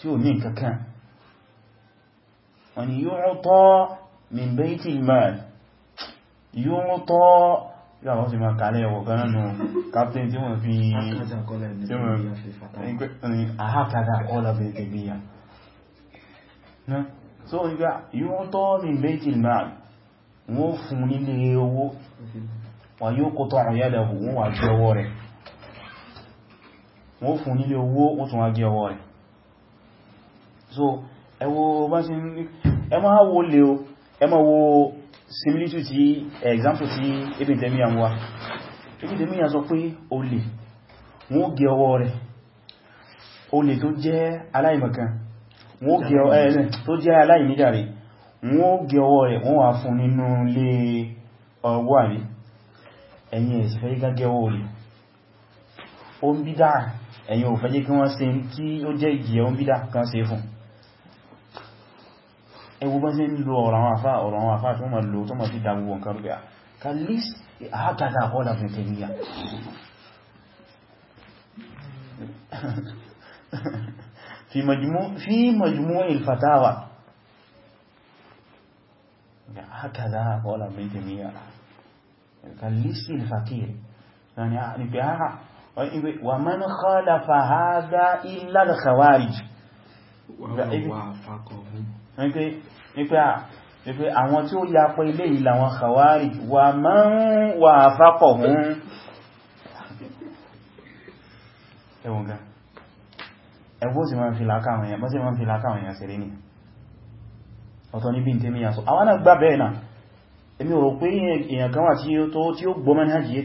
tí ò ní kankan wọ́n ni yu'ta min baytil mal yu'ta yíò àwọn sí ma kààlẹ̀ ẹ̀wọ̀ gan nánú captain tí wọ́n fi àhákàdà kọ́lá bẹ̀rẹ̀ kẹgbìyà so ìgbà yu'ta min baytil mal wọ́n fún nílé owó wà yóò kó tọ́ àyàdà wọ́n wà jẹ́ ọwọ́ rẹ̀ wọ́n fún nílé owó wọ́n tún wá jẹ́ ọwọ́ rẹ̀ so ẹwọ bá sí ní ẹmọ wo lè o ẹmọ wo similitude ti example ti Ibn Taymiyyah wa Ibn Taymiyyah sọ pé o lè wọ́n gẹ ọwọ́ rẹ̀ o lè tó jẹ́ aláìmọ̀kan wọ́n gẹ ọwọ́ rẹ̀ tó jẹ́ aláìníjàre wọ́n gẹ ọwọ́ rẹ̀ wọ́n wà fún nínú lé ọwọ́ àrí ẹ̀yìn ẹ̀sì fẹ́ gágẹ́ ọwọ́ rẹ̀ o ń bídá ẹ̀yìn ò fẹ́ jẹ́ kí wọ́n ṣe tí ó jẹ́ ìjìyà ó ń bídá kan ṣe fún ẹwọ bá ṣe ń lo ọ̀rọ̀ àwọn àfá ọ̀rọ̀ àfá tó ma lo tó ma fi dá gbogbo nǹkan rúgbà ka list àhákàtà àkọ́lá fún tẹ̀líyà fi majmú ìfàtàwà àhákàtà àkọ́lá fún tẹ̀líyà wa man khalafa hadha illa al-khawarij wa wafaqahum ní pé àwọn tí ó yapa ilé ìlà wọn kàwárí wà máa ń wà fápọ̀ hún ẹwọ̀n gan ẹgbó sì máa ń fi lákàwọn èèyàn bọ́sí máa ń fi lákàwọn èèyàn sẹ̀rẹ̀ ní ọ̀tọ̀ ní bí n tèmi yàsọ àwọn náà gbà bẹ́ẹ̀ náà èmi rò pé èèyàn kan wà tí ó gbọ́ manhajì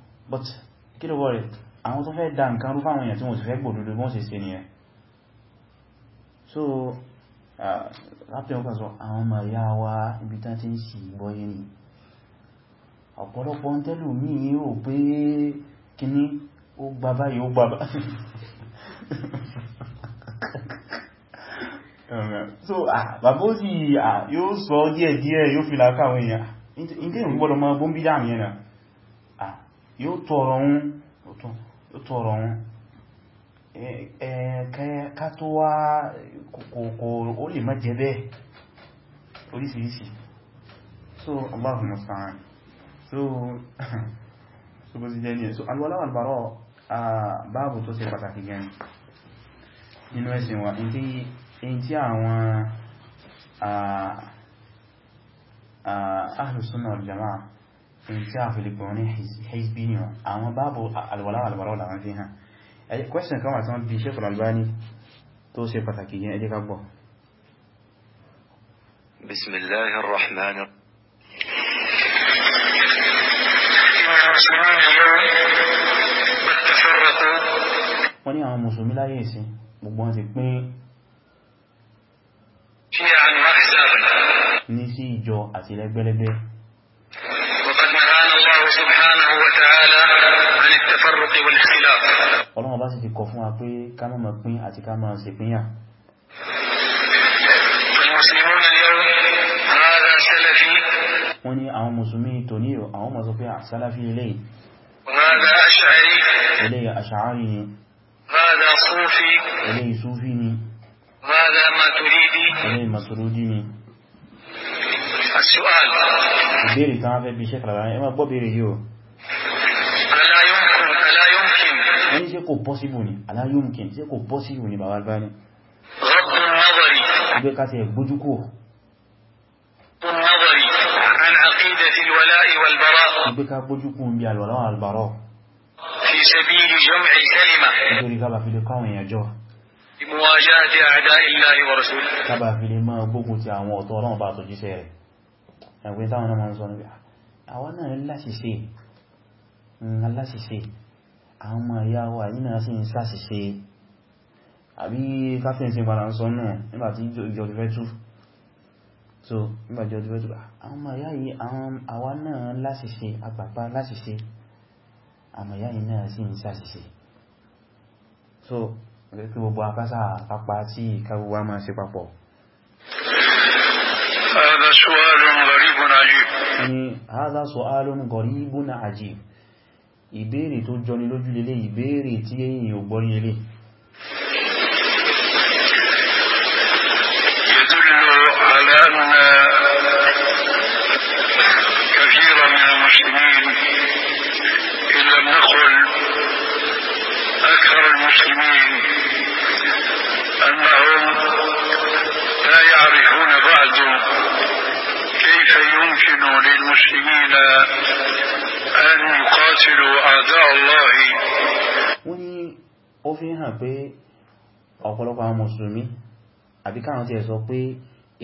but kí ló wọ́rẹ̀ àwọn tó fẹ́ dá nǹkan rú fáwọn èèyàn tí wọ́n ti fẹ́ gbòdòdó bọ́n ṣe ṣe nìyẹn so lápẹ́ ọkà sọ àwọn ọmọ ìyá wa ibi tá ti ń sì gbọ́yé ni ọ̀pọ̀lọpọ̀ ń tẹ́lù míì rò pé kíní ó gbà báyìí ó gbà báyìí so bàbá ó sì yóò sọ díẹ̀díẹ̀ yóò fi làákàwẹ̀ èèyàn yóò tọrọ ohun ká tó wá kòkòrò ó lè má jẹ bẹ́ẹ̀ so Allahu musta'an so so bó ti jẹ́ ní so alwala báàbù tó ṣe pàtàkì gan nínú ẹ̀sìn wa in tí àwọn ahlus jama'a انتاف اللي بوني حيز بينيو اما بابو الولاء على البراء ولا فيها اي كويشن كما تسمى دي شيخ الالباني تو شيخ فتاكي اي يعني ديك ابو بسم الله الرحمن الرحيم وني اما موسو ملا يسي مبوان سي بين شيعان مخزابنا نيسي جو اسي بلبي سبحانه وتعالى عن التفرق والاختلاف ọlọ́run bá sì ti kọ fún wa pé ká má máa pín àti ká máa ṣèpínyà wọ́n ní àwọn musulmi tó ní àwọn máa sọ pé àṣálàfí ilé ilé àṣàárì ni ilé ìsúfí ni ilé maturidi ni السؤال بيري تمام بي شيخ لباني ما بو بيري يو الا يمكن الا يمكن ان شي كو possible الا يمكن ṣé kò possible ni baba Albani رب النظر بي كاسي بوجوكو النظر عن عقيدة الولاء والبراء بي كا بوجوكو نبي الولاء والبراء في سبيل جمع الكلمة بيري كابا في لقاون يا جو مواجهة أعداء الله ورسوله كابا في لما بوجوتي àwọn ọ̀tọ̀ Ọlọ́run bá tó jíṣẹ́ rẹ̀ ẹgbẹ́ táwọn náà ma ń sọ níbi àwọn náà láṣìṣe láṣìṣe àwọn ọmọ ìyá wa yìí náà sí ń sáṣìṣe àbí káfíǹsì padà ń sọ náà nígbàtí so nígbàtí ìjọdí fẹ́ tú àwọn ọmọ ìyá yìí àwọn náà láṣìṣe àpàpá láṣìṣe àwọn ìyá yìí so gbogbo apáṣà àpapá tí ìkàgbogbo a su'alun gharibun ajib ni hadha su'alun gharibun ajib ìbéèrè tó jọni lójú lélé ìbéèrè tí èyí ò gbọ́rí lélé علينا أن نقاتلوا أعداء الله wọ́n ní ó fi hàn pé ọ̀pọ̀lọpọ̀ àwọn mùsùlùmí àbí káwọn tí ẹ sọ pé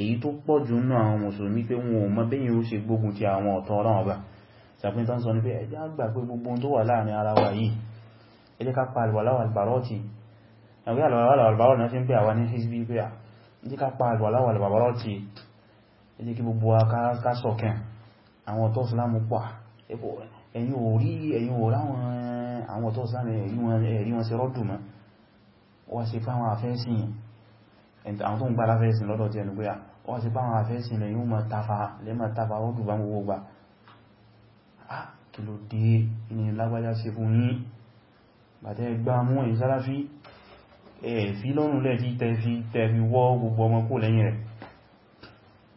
èyí tó pọ̀ jù nínú àwọn mùsùlùmí pé wọn ò mọ̀ bẹ́yìn ó ṣe gbógun ti àwọn ọ̀tọ̀ Ọlọ́run Ọba sàpín tán sọ ní pé ẹ gbà pé gbogbo tó wà láàrin ara wa yìí ẹ ká pa àwọn ọ̀tọ̀ ìsìlámù pọ̀ ẹ̀yin ò rí ẹ̀yin ò ráwọn àwọn ọ̀tọ̀ ìsìlámù ẹ̀rí wọn sí rọ́dù mọ́ wọ́n sì pá àwọn afẹ́sìn àwọn tó ń gbára fẹ́sìn lọ́dọ̀ tí ẹnu pé wọ́n sì pá àwọn afẹ́sìn lẹ́yìn ma tafa lẹ́mà tafa rọ́dù bá gbogbo gbà kí ló dé ní lágbájá sí fún yín bàtẹ́ gbá mú ìsáláfí ẹ̀ẹ̀fí lọ́rùn lẹ́ fi tẹ́ fi wọ́ gbogbo ọmọ kó lẹ́yìn rẹ̀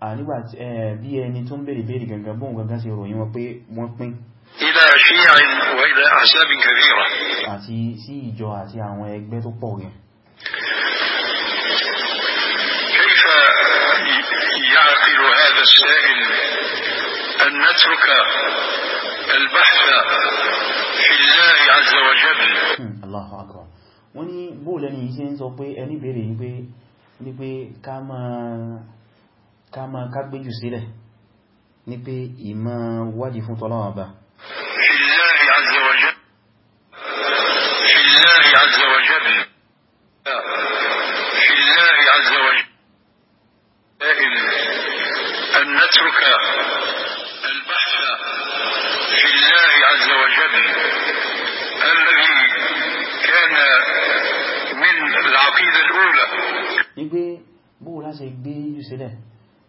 a nígbà bí ẹni tó ń bèèrè bèèrè gangan bóhun gangan sí ròyìn wọn pé wọ́n pín àti sí ìjọ àti àwọn ẹgbẹ́ tó pọ̀ gan يعقل هذا السائل أن نترك البحث في الله عز وجل الله أكبر wọ́n ní bóòlẹ́ni iṣẹ́ ń sọ pé ẹni bèèrè ní pé ká máa ká ma ká gbéjù sílẹ̀ ní pé ìmọ̀ wádìí fún tọ́lọ́wọ́ bá ní pé bóò láti gbé jù sílẹ̀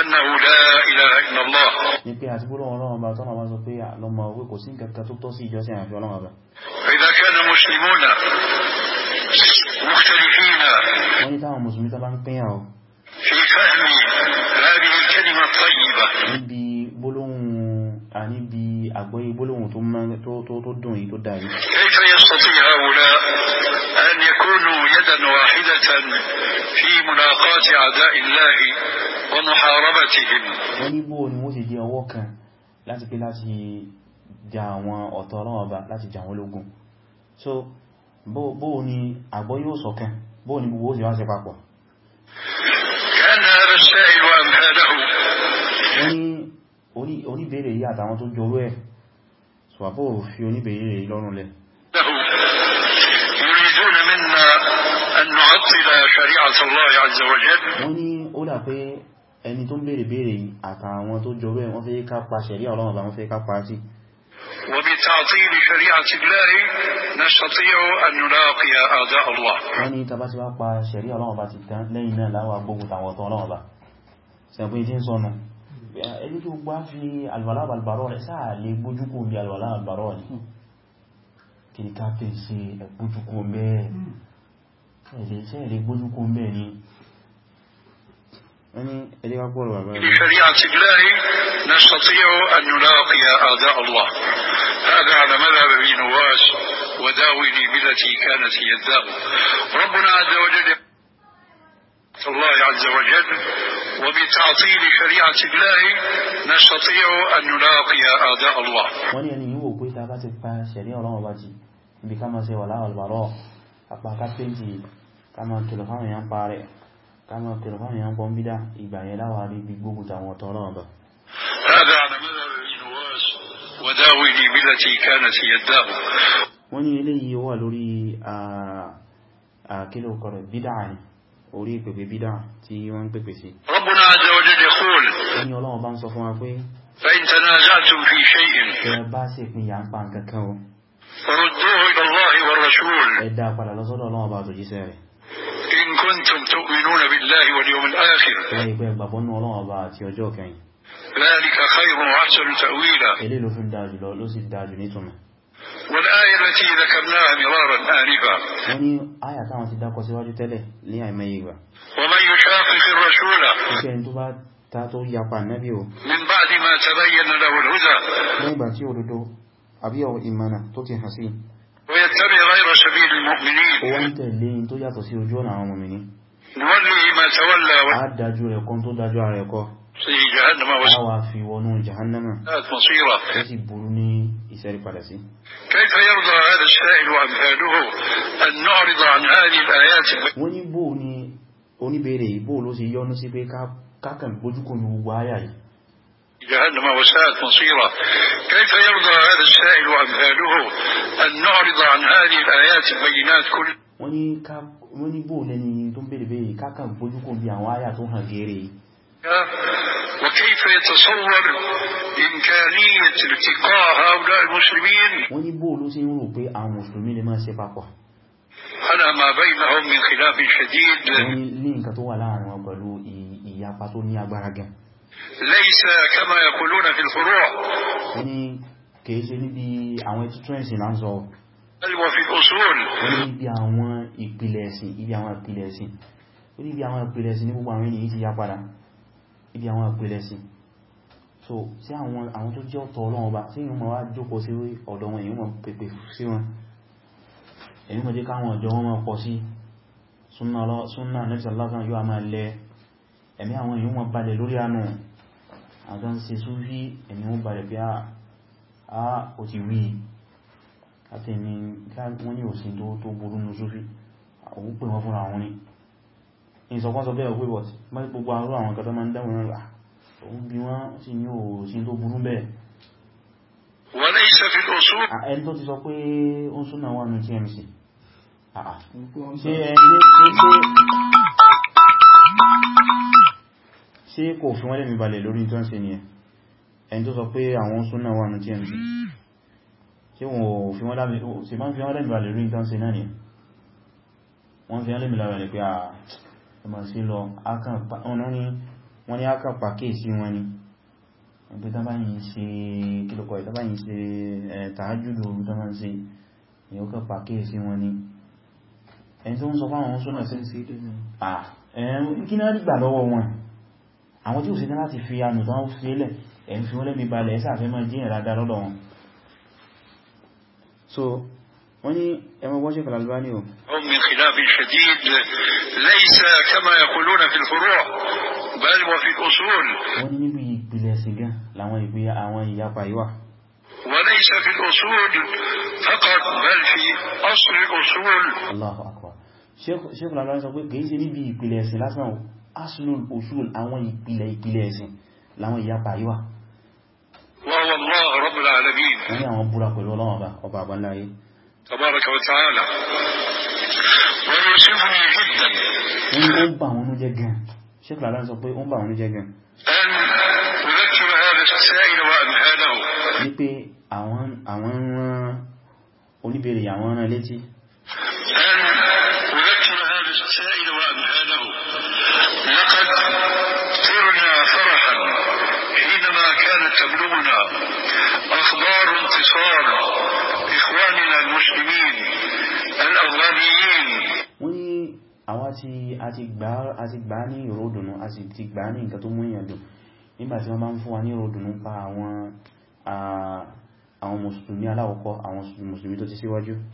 أنه لا إله إلا الله إذا كان مسلمون مختلفين في فهم هذه الكلمة الطيبة أني بي أقوي كيف يستطيع هؤلاء أن يكونوا يدا واحدة في مناقات أعداء الله ومحاربتهم wọ́n ní bóò ni wọ́n sì jẹ́ ọwọ́ kan láti pé láti jà àwọn ọ̀tọ̀ ọlọ́wọ́ bá láti jà wọn lógun so bóò ni àgbọ́ yóò ṣọ̀kan bóò ni gbogbo ó sì wá ṣe papọ̀ oníbèèrè yìí àtàwọn tó jọrọ ẹ̀ sọ̀pọ̀ fi oníbèèrè yìí lọ́rùn lẹ́ wọ́n ní ó dà pé ẹni tó ń bèèrè bèèrè yìí àtàwọn tó jọ bẹ́ẹ̀ wọ́n fẹ́ ká pa ṣẹ̀rí ọlọ́run bá wọ́n fẹ́ ká pa sí نستطيع أن نلاقي أعداء الله wọ́n ní tàbá ti wá pa ṣẹ̀rí ọlọ́run bá ti tán lẹ́yìn náà láwà gbógun tàwọn ọ̀tọ̀ ọlọ́run bá sẹ́gbé tí ń sọ́nà ẹni tó gbá fi alwàlá albarọ́ rẹ̀ sáà lè gbójúkú bí alwàlá albarọ́ بشريعة يعني الله نستطيع أن نلاقي أعداء الله هذا على مذهب ابي نواس وداوي بالتي كانت هي الداو ربنا عز وجل الله عز وجل وبتعطيل شريعة الله نستطيع أن نلاقي أعداء الله ṣẹ̀rí ọlọ́wọ́ bá ibi ká máa ṣe wà láwọ̀ àpá ká péjì ká máa tòlò fáwọn pa rẹ̀ kama pẹ̀lú fáwọn èèyàn pọ̀ ń bídá ìgbà yẹn láwà rí bí gbógun tàwọn ọ̀tọ̀ ọlọ́run bá wọ́n ní eléyìí wà lórí àkílò kọ̀rọ̀ bídá ni orí ìpèpè bídá tí wọ́n ń pèpè sí wọ́n ní ọlọ́run bá ń sọ fún wa pé ẹ bá sì pín yà ń pa nǹkan kan o ẹ̀dà padà lọ sọ́dọ̀ ọlọ́run bá tó jíṣẹ́ rẹ̀ كنتم تؤمنون بالله واليوم الآخر ذلك خير وأحسن تأويلا والآية التي ذكرناها مرارا آنفا ومن يشاقق الرسول من بعد ما تبين له الهدى ويتبع غير المؤمنين وانتلين تو ياتو سي ojú ọ̀nà àwọn mu'minin wali ma tawalla wa adaju rẹ̀ kon tó dájú are ko sí jahannama wa wa fi wọnú jahannama tasira ti burú ní iseri padà ló sì yọ́nú sí pé ka ka kan gbogbo جهنم وساءت مصيرا كيف يرضى هذا السائل وأمثاله أن نعرض عن هذه الآيات البينات كل wọ́n ní bóò lẹ́ni tó ń bèèrè bèèrè káàkà ń fojú kò bí àwọn àyà tó hàn gẹ́rẹ́ yìí. وكيف يتصور إمكانية التقاء هؤلاء المسلمين wọ́n ní bóò ló ṣe ń rò pé àwọn mùsùlùmí lè máa ṣe papọ̀. على ما بينهم من خلاف شديد. wọ́n ní nǹkan tó wà láàrin wọn pẹ̀lú ìyapa tó ní agbára gan-an. ليس كما يقولون في الفروع يعني كيسي نبي àwọn ìtútúrẹ́sì náà sọ wọ́n fi يبي níbi àwọn ìpìlẹ̀ẹ̀sìn ibi àwọn ìpìlẹ̀ẹ̀sìn ó níbi àwọn ìpìlẹ̀ẹ̀sìn ní gbogbo àwọn ènìyàn ti yá padà ibi àwọn ìpìlẹ̀ẹ̀sìn so sí àwọn tó jẹ́ ọ̀tọ̀ Ọlọ́run Ọba tí yíò mọ̀ wá jókòó sí ọ̀dọ̀ wọn èyí mọ̀ pèpè sí wọn èyí mọ̀ jẹ́ káwọn ọ̀dọ́ wọn mọ̀ pọ̀ sí súnnà nẹ́bìsàlásán yóò a máa lẹ ẹ̀mí àwọn èyí mọ̀ balẹ̀ lórí àánú àdán se súfí ẹ̀mí ó balẹ̀ bí a ò ti wí àtẹ̀mí wọ́n ní òsìn tó burú ní súfí òun pè wọ́n fúnra wọn ní ìsọ̀pọ̀sọ̀ bẹ́ẹ̀ pé bọ̀t má gbogbo arú àwọn kẹta ma ń dáwọn náà òun bí wọ́n sì ní òsìn tó burú bẹ́ẹ̀ ẹni tó ti sọ pé ó ń súnà wà ní tmc ṣe ẹni tó sí kò fi wọ́n lẹ́mí balẹ̀ lórí tó ń ṣe ni ẹni tó sọ pé àwọn súnnà wà ní TMC sí wọ́n fi wọ́n lẹ́mí balẹ̀ lórí tó ń ṣe náà ni wọ́n fi wọ́n lẹ́mí balẹ̀ pé à ẹmọ̀ sí lọ wọ́n ni aka pàkíyèsí wọn ni pé tàbáyìn ṣe kílùkọ̀ ìtàbáyìn ṣe tààjúdò tàbáyìn ṣe ìyókà pàkíyèsí wọn ni ẹni tó ń sọ sí àwọn tí ò sí tán láti fi àmì tán fílẹ̀ ẹ̀yìn fi wọ́n lẹ́mi balẹ̀ ẹ̀sàfẹ́ mọ́ jí ìrádá lọ́dọ̀ wọn so wọ́n ní ẹmọ wọ́n ṣe kàlàlbá ní o من خلاف شديد ليس كما يقولون في الفروع بل وفي الأصول níbi ìpìlẹ̀ sígá láwọn ìpé àwọn ìyapa ìwà وليس في الأصول فقط بل في أصل الأصول الله أكبر Sheikh Al-Albani sọ pé kìí ṣe níbi ìpìlẹ̀ aslul usul àwọn ìpìlẹ̀ ìpìlẹ̀ ẹ̀sìn láwọn ìyapa yíwá wọ́n àwọn búra pẹ̀lú ọlọ́wọ́n ọba àbáláyé ó ń bà wọn ní jẹ́ gan ṣékùlá láti sọ pé ó ń bà wọn ní jẹ́ gan ní pé àwọn oníbèèrè àwọn rán létí àti gbà ní ìròdùnú àti ti gbà ní nǹkan tó mú ìyàndùn nígbàtí wọ́n bá ń fún wa ní ìròdùnú pa àwọn mùsùlùmí aláwọ̀kọ́ àwọn mùsùlùmí tó ti síwájú wọ́n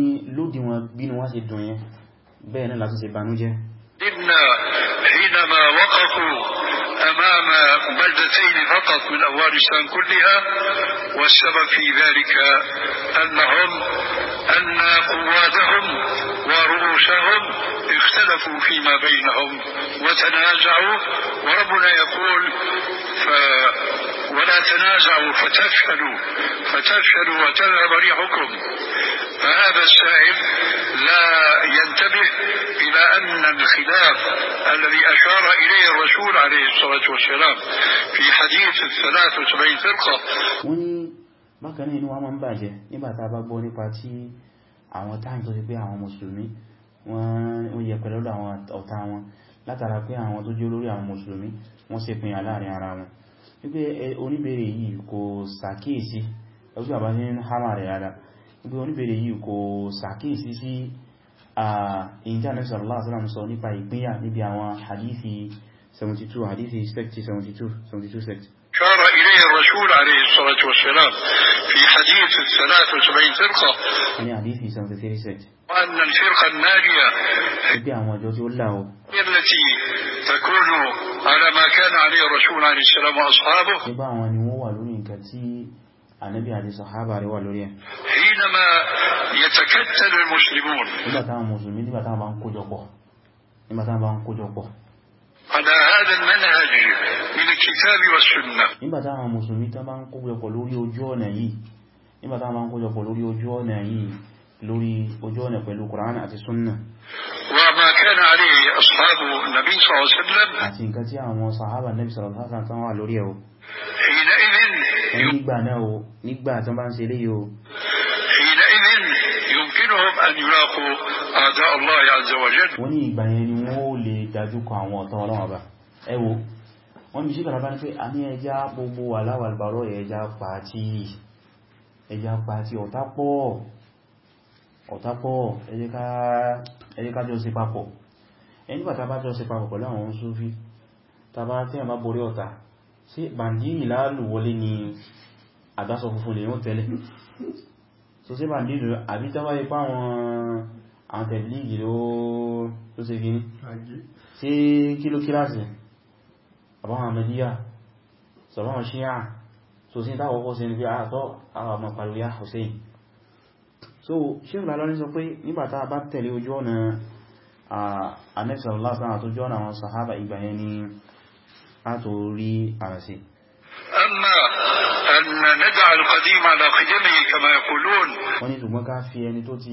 ni lódí wọn bínú wá sí dùn yẹn بين náà láti ṣe حينما وقفوا أمام بلدتين فقط من أفغانستان كلها والسبب في ذلك أنهم أن قواتهم ورؤوسهم اختلفوا فيما بينهم وتنازعوا وربنا يقول ولا تنازعوا فتفشلوا فتفشلوا وتذهب ريحكم فهذا السائل لا ينتبه إلى أن الخلاف الذي أشار إليه الرسول عليه الصلاة والسلام في حديث الثلاث وسبعين فرقة bákan inú wa máa ń bàjẹ́ nígbàtà bá gbọ́ nípa tí àwọn táìmù tó ti pé àwọn mùsùlùmí wọ́n yẹ pẹ̀lú àwọn ọ̀tá wọn látara pé àwọn tó jẹ́ olórí àwọn mùsùlùmí wọ́n ṣe pìnyà láàrin ara wọn wípé oníbèrè yìí kò sàkíyèsí ẹgbẹ́ àbá ní hàmà rẹ̀ yára wípé oníbèrè yìí kò sàkíyèsí sí ìjánẹ́ sallallahu alaihi wasallam sọ nípa ìpínyà níbi àwọn hadithi 72 hadithi 72 72 sect عليه الرسول عليه الصلاة والسلام في حديث الثلاث وسبعين فرقة يعني حديث في سنة وأن الفرقة الناجية التي تكون على ما كان عليه الرسول عليه السلام وأصحابه النبي عليه الصحابة روا لوري حينما يتكتل المسلمون إما مسلمين إما táwọn mùsùlùmí nígbà إما bá ń kójọpọ̀ nígbà táwọn mùsùlùmí tán bá ń kójọpọ̀ lórí ojú ọ̀nà yìí nígbà táwọn bá ń kójọpọ̀ lórí ojú ọ̀nà yìí lórí ojú ọ̀nà pẹ̀lú Kùránì àti súnnà àti nǹkan tí àwọn sàhábà Nábì sallallahu alaihi wasallam wà lórí ẹ̀wọ̀ nígbà náà nígbà tán bá ń ṣe léyò àdá Allah azza wa jal. wọ́n ní ìgbà yẹn ni wọ́n ó lè dájú kọ àwọn ọ̀tọ́ ọlọ́run ọba ẹ wo wọ́n mi ṣíkàrà bá ní pé a ní ẹja gbogbo aláwàlbàrọ̀ ẹja pàtí ẹja pàtí ọ̀tápọ̀ ọ̀tápọ̀ ẹjẹ́ká jọ sí papọ̀ ẹnigbà tàbá jọ sí papọ̀ pẹ̀lú àwọn Súfí so sí bàndínì àbí tàbá ipá wọn àwọn tẹ̀blígì ló ṣe gini tí kílò kíláàsì àbáwọn àmàdíyà sọ̀báwọn ṣíyà so sí ìtàwọ̀kọ́ sí ibi àtọ́ àwọn àmàpàlúyà Hussein so ṣíkùlá lọ́ní sọ pé nígbàtà bá tẹ̀lé ojú ọ̀nà anẹ́sọ̀lá sáà tó jọ́nà àwọn sàhábà ìgbà yẹn ni a tó rí àrẹsì wọ́n ni ṣùgbọ́n ká fi ẹni tó ti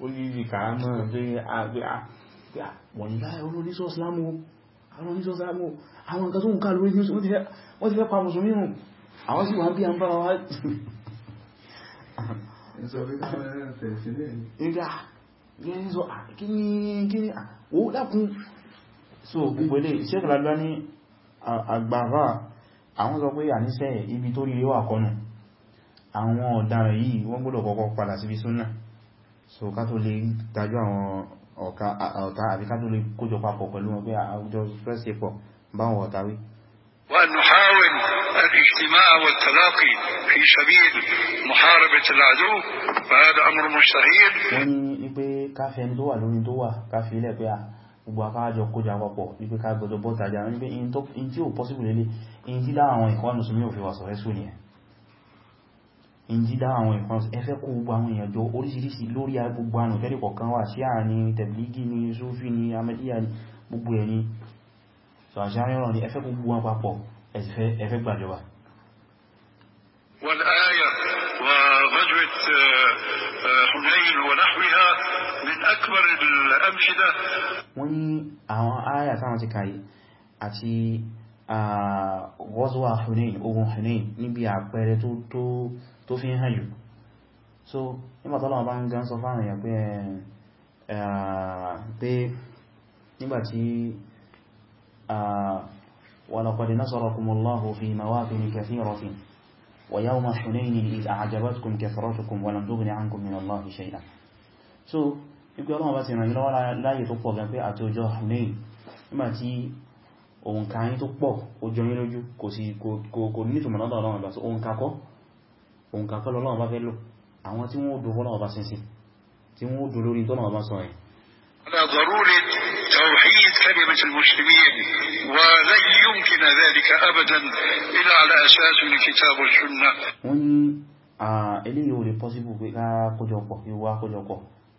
ó ní ìdí ká mọ́ pé wọ̀nyíláì olóríṣọ́ islamu àwọn nǹkan tó ń ká lórí news wọ́n ti fẹ́ pa mùsùlùmí hùn àwọn sì wà bí àmbá wá àwọn sọ pé àníṣẹ́ ibi tó rí rí wà kọ́nù àwọn ọ̀daràn yìí wọ́n gbọ́dọ̀ kọ́kọ́ padà síbi súnnà so ká tó lè dájú àwọn ọ̀tá àbí ká tó lè kójọ papọ̀ pẹ̀lú wọn pé àwùjọ fẹ́sì pọ̀ báwọn ọ̀tá wí وأن نحاول الاجتماع والتلاقي في سبيل محاربة العدو فهذا أمر مستحيل wọ́n ní pé ká fẹ́ ń tó wà lórí tó wà ká fi ilẹ̀ pé gbogbo akáàjọ kójọ àpapọ̀ wípé ká gbọdọ̀ bọ́ta jà ní pé in tí ò pọ́sílù lélé in tí láwọn ìkọ́nù mí ò fi wà sọ̀rẹ́sù nìyẹn ìjídá àwọn ìfans ẹfẹ́ kó gbogbo àwọn èèyàn jọ oríṣiríṣi lórí gbogbo ànà tẹ́lẹ̀ kọ̀kan wà sí àárín tẹ̀blígì ní sófí ní amẹ́díyà ní gbogbo ẹ̀ ní so àṣàrẹ́rọ̀ ní ẹfẹ́ gbogbo wọn papọ̀ ẹfẹ́ gbàjọba من أكبر الأمشدة wọ́n ní àwọn áyà táwọn ti kàyí àti wọ́sùwà Hunain ogun Hunain níbi àpẹẹrẹ tó fi ń hàn yìí so nígbàtọ́lọ́wọ́ bá ń gan sọ fáwọn èèyàn pé nígbàtí walaqad nasarakumullahu fi mawaqini kathiratin wa yawma Hunainin idh a'jabatkum kathratukum wa lam tughni 'ankum min Allahi shay'an òǹkà yín tó pọ̀ ó yín lójú kò sí kò nítumọ̀ lọ́dọ̀ ọlọ́run bá so òǹkà kọ́ òǹkà bá fẹ́ lò àwọn tí wọ́n dò fọ́lọ́run bá sínsìn tí wọ́n dò lórí tọ́lọ́run bá sọ yìí توحيد كلمة المسلمين ولن يمكن ذلك أبدا إلا على أساس الكتاب والسنة wọ́n ní eléyìí ò lè pọ́síbù pé ká kójọpọ̀ ìwà kójọpọ̀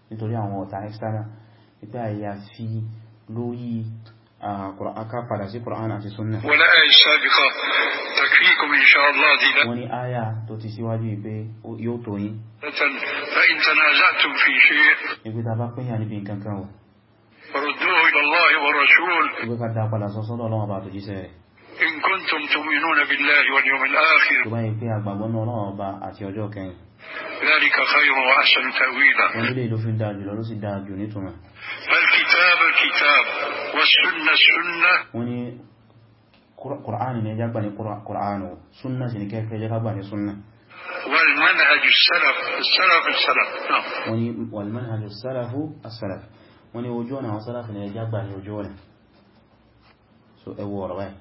nítorí àwọn ọ̀tá external nípa lórí aka ah, padà sí Qur'an àti Sunnah wọ́n ní àyà tó ti síwájú ìpé yóò tó yín ìgbé ta bá pínyà níbi nǹkan kan wọ̀ ìgbé ka dá padà sọ sọ́dọ̀ Ọlọ́run bá tó jíṣẹ́ rẹ̀ in kuntum tu'minuna billahi wal yawmil akhir tó bá yí pé àgbàgbọ́ náà Ọlọ́run bá àti ọjọ́ kẹyìn ذلك خير وأحسن تأويلا فالكتاب الكتاب والسنة السنة وني قرآن ما قرآن سنة سنكيف يجابني سنة والمنهج السلف السلف السلف نعم وني والمنهج السلف السلف وني وجونا وسلف يجابني وجونا so ẹwọ ọ̀rọ̀ báyìí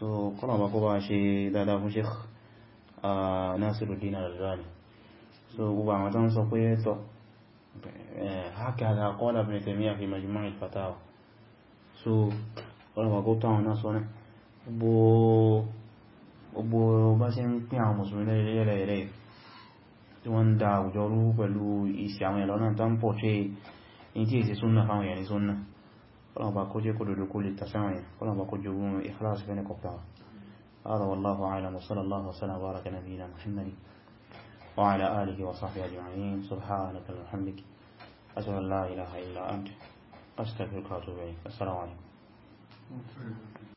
so kọ́nà bá kó bá ṣe dáadáa fún Sheikh Nasiruddin Al-Albani so gbogbo àwọn هكذا قال ابن تيمية في مجموع الفتاوى so ọlọ́pàá kó tàwọn náà sọ́nà gbogbo bá sí ń pín àwọn mùsùlùmí lẹ́rẹ̀ẹ́rẹ́ tí wọ́n ń da àwùjọ rú pẹ̀lú ìsì àwọn ìlọ́nà tó ń pọ̀ tí èyí tí èsì súnnà fáwọn èèyàn ní súnnà ọlọ́pàá kó jẹ́ kó dòdó kó lè tàṣáwọn استغفرک واتوب الیک السلام علیکم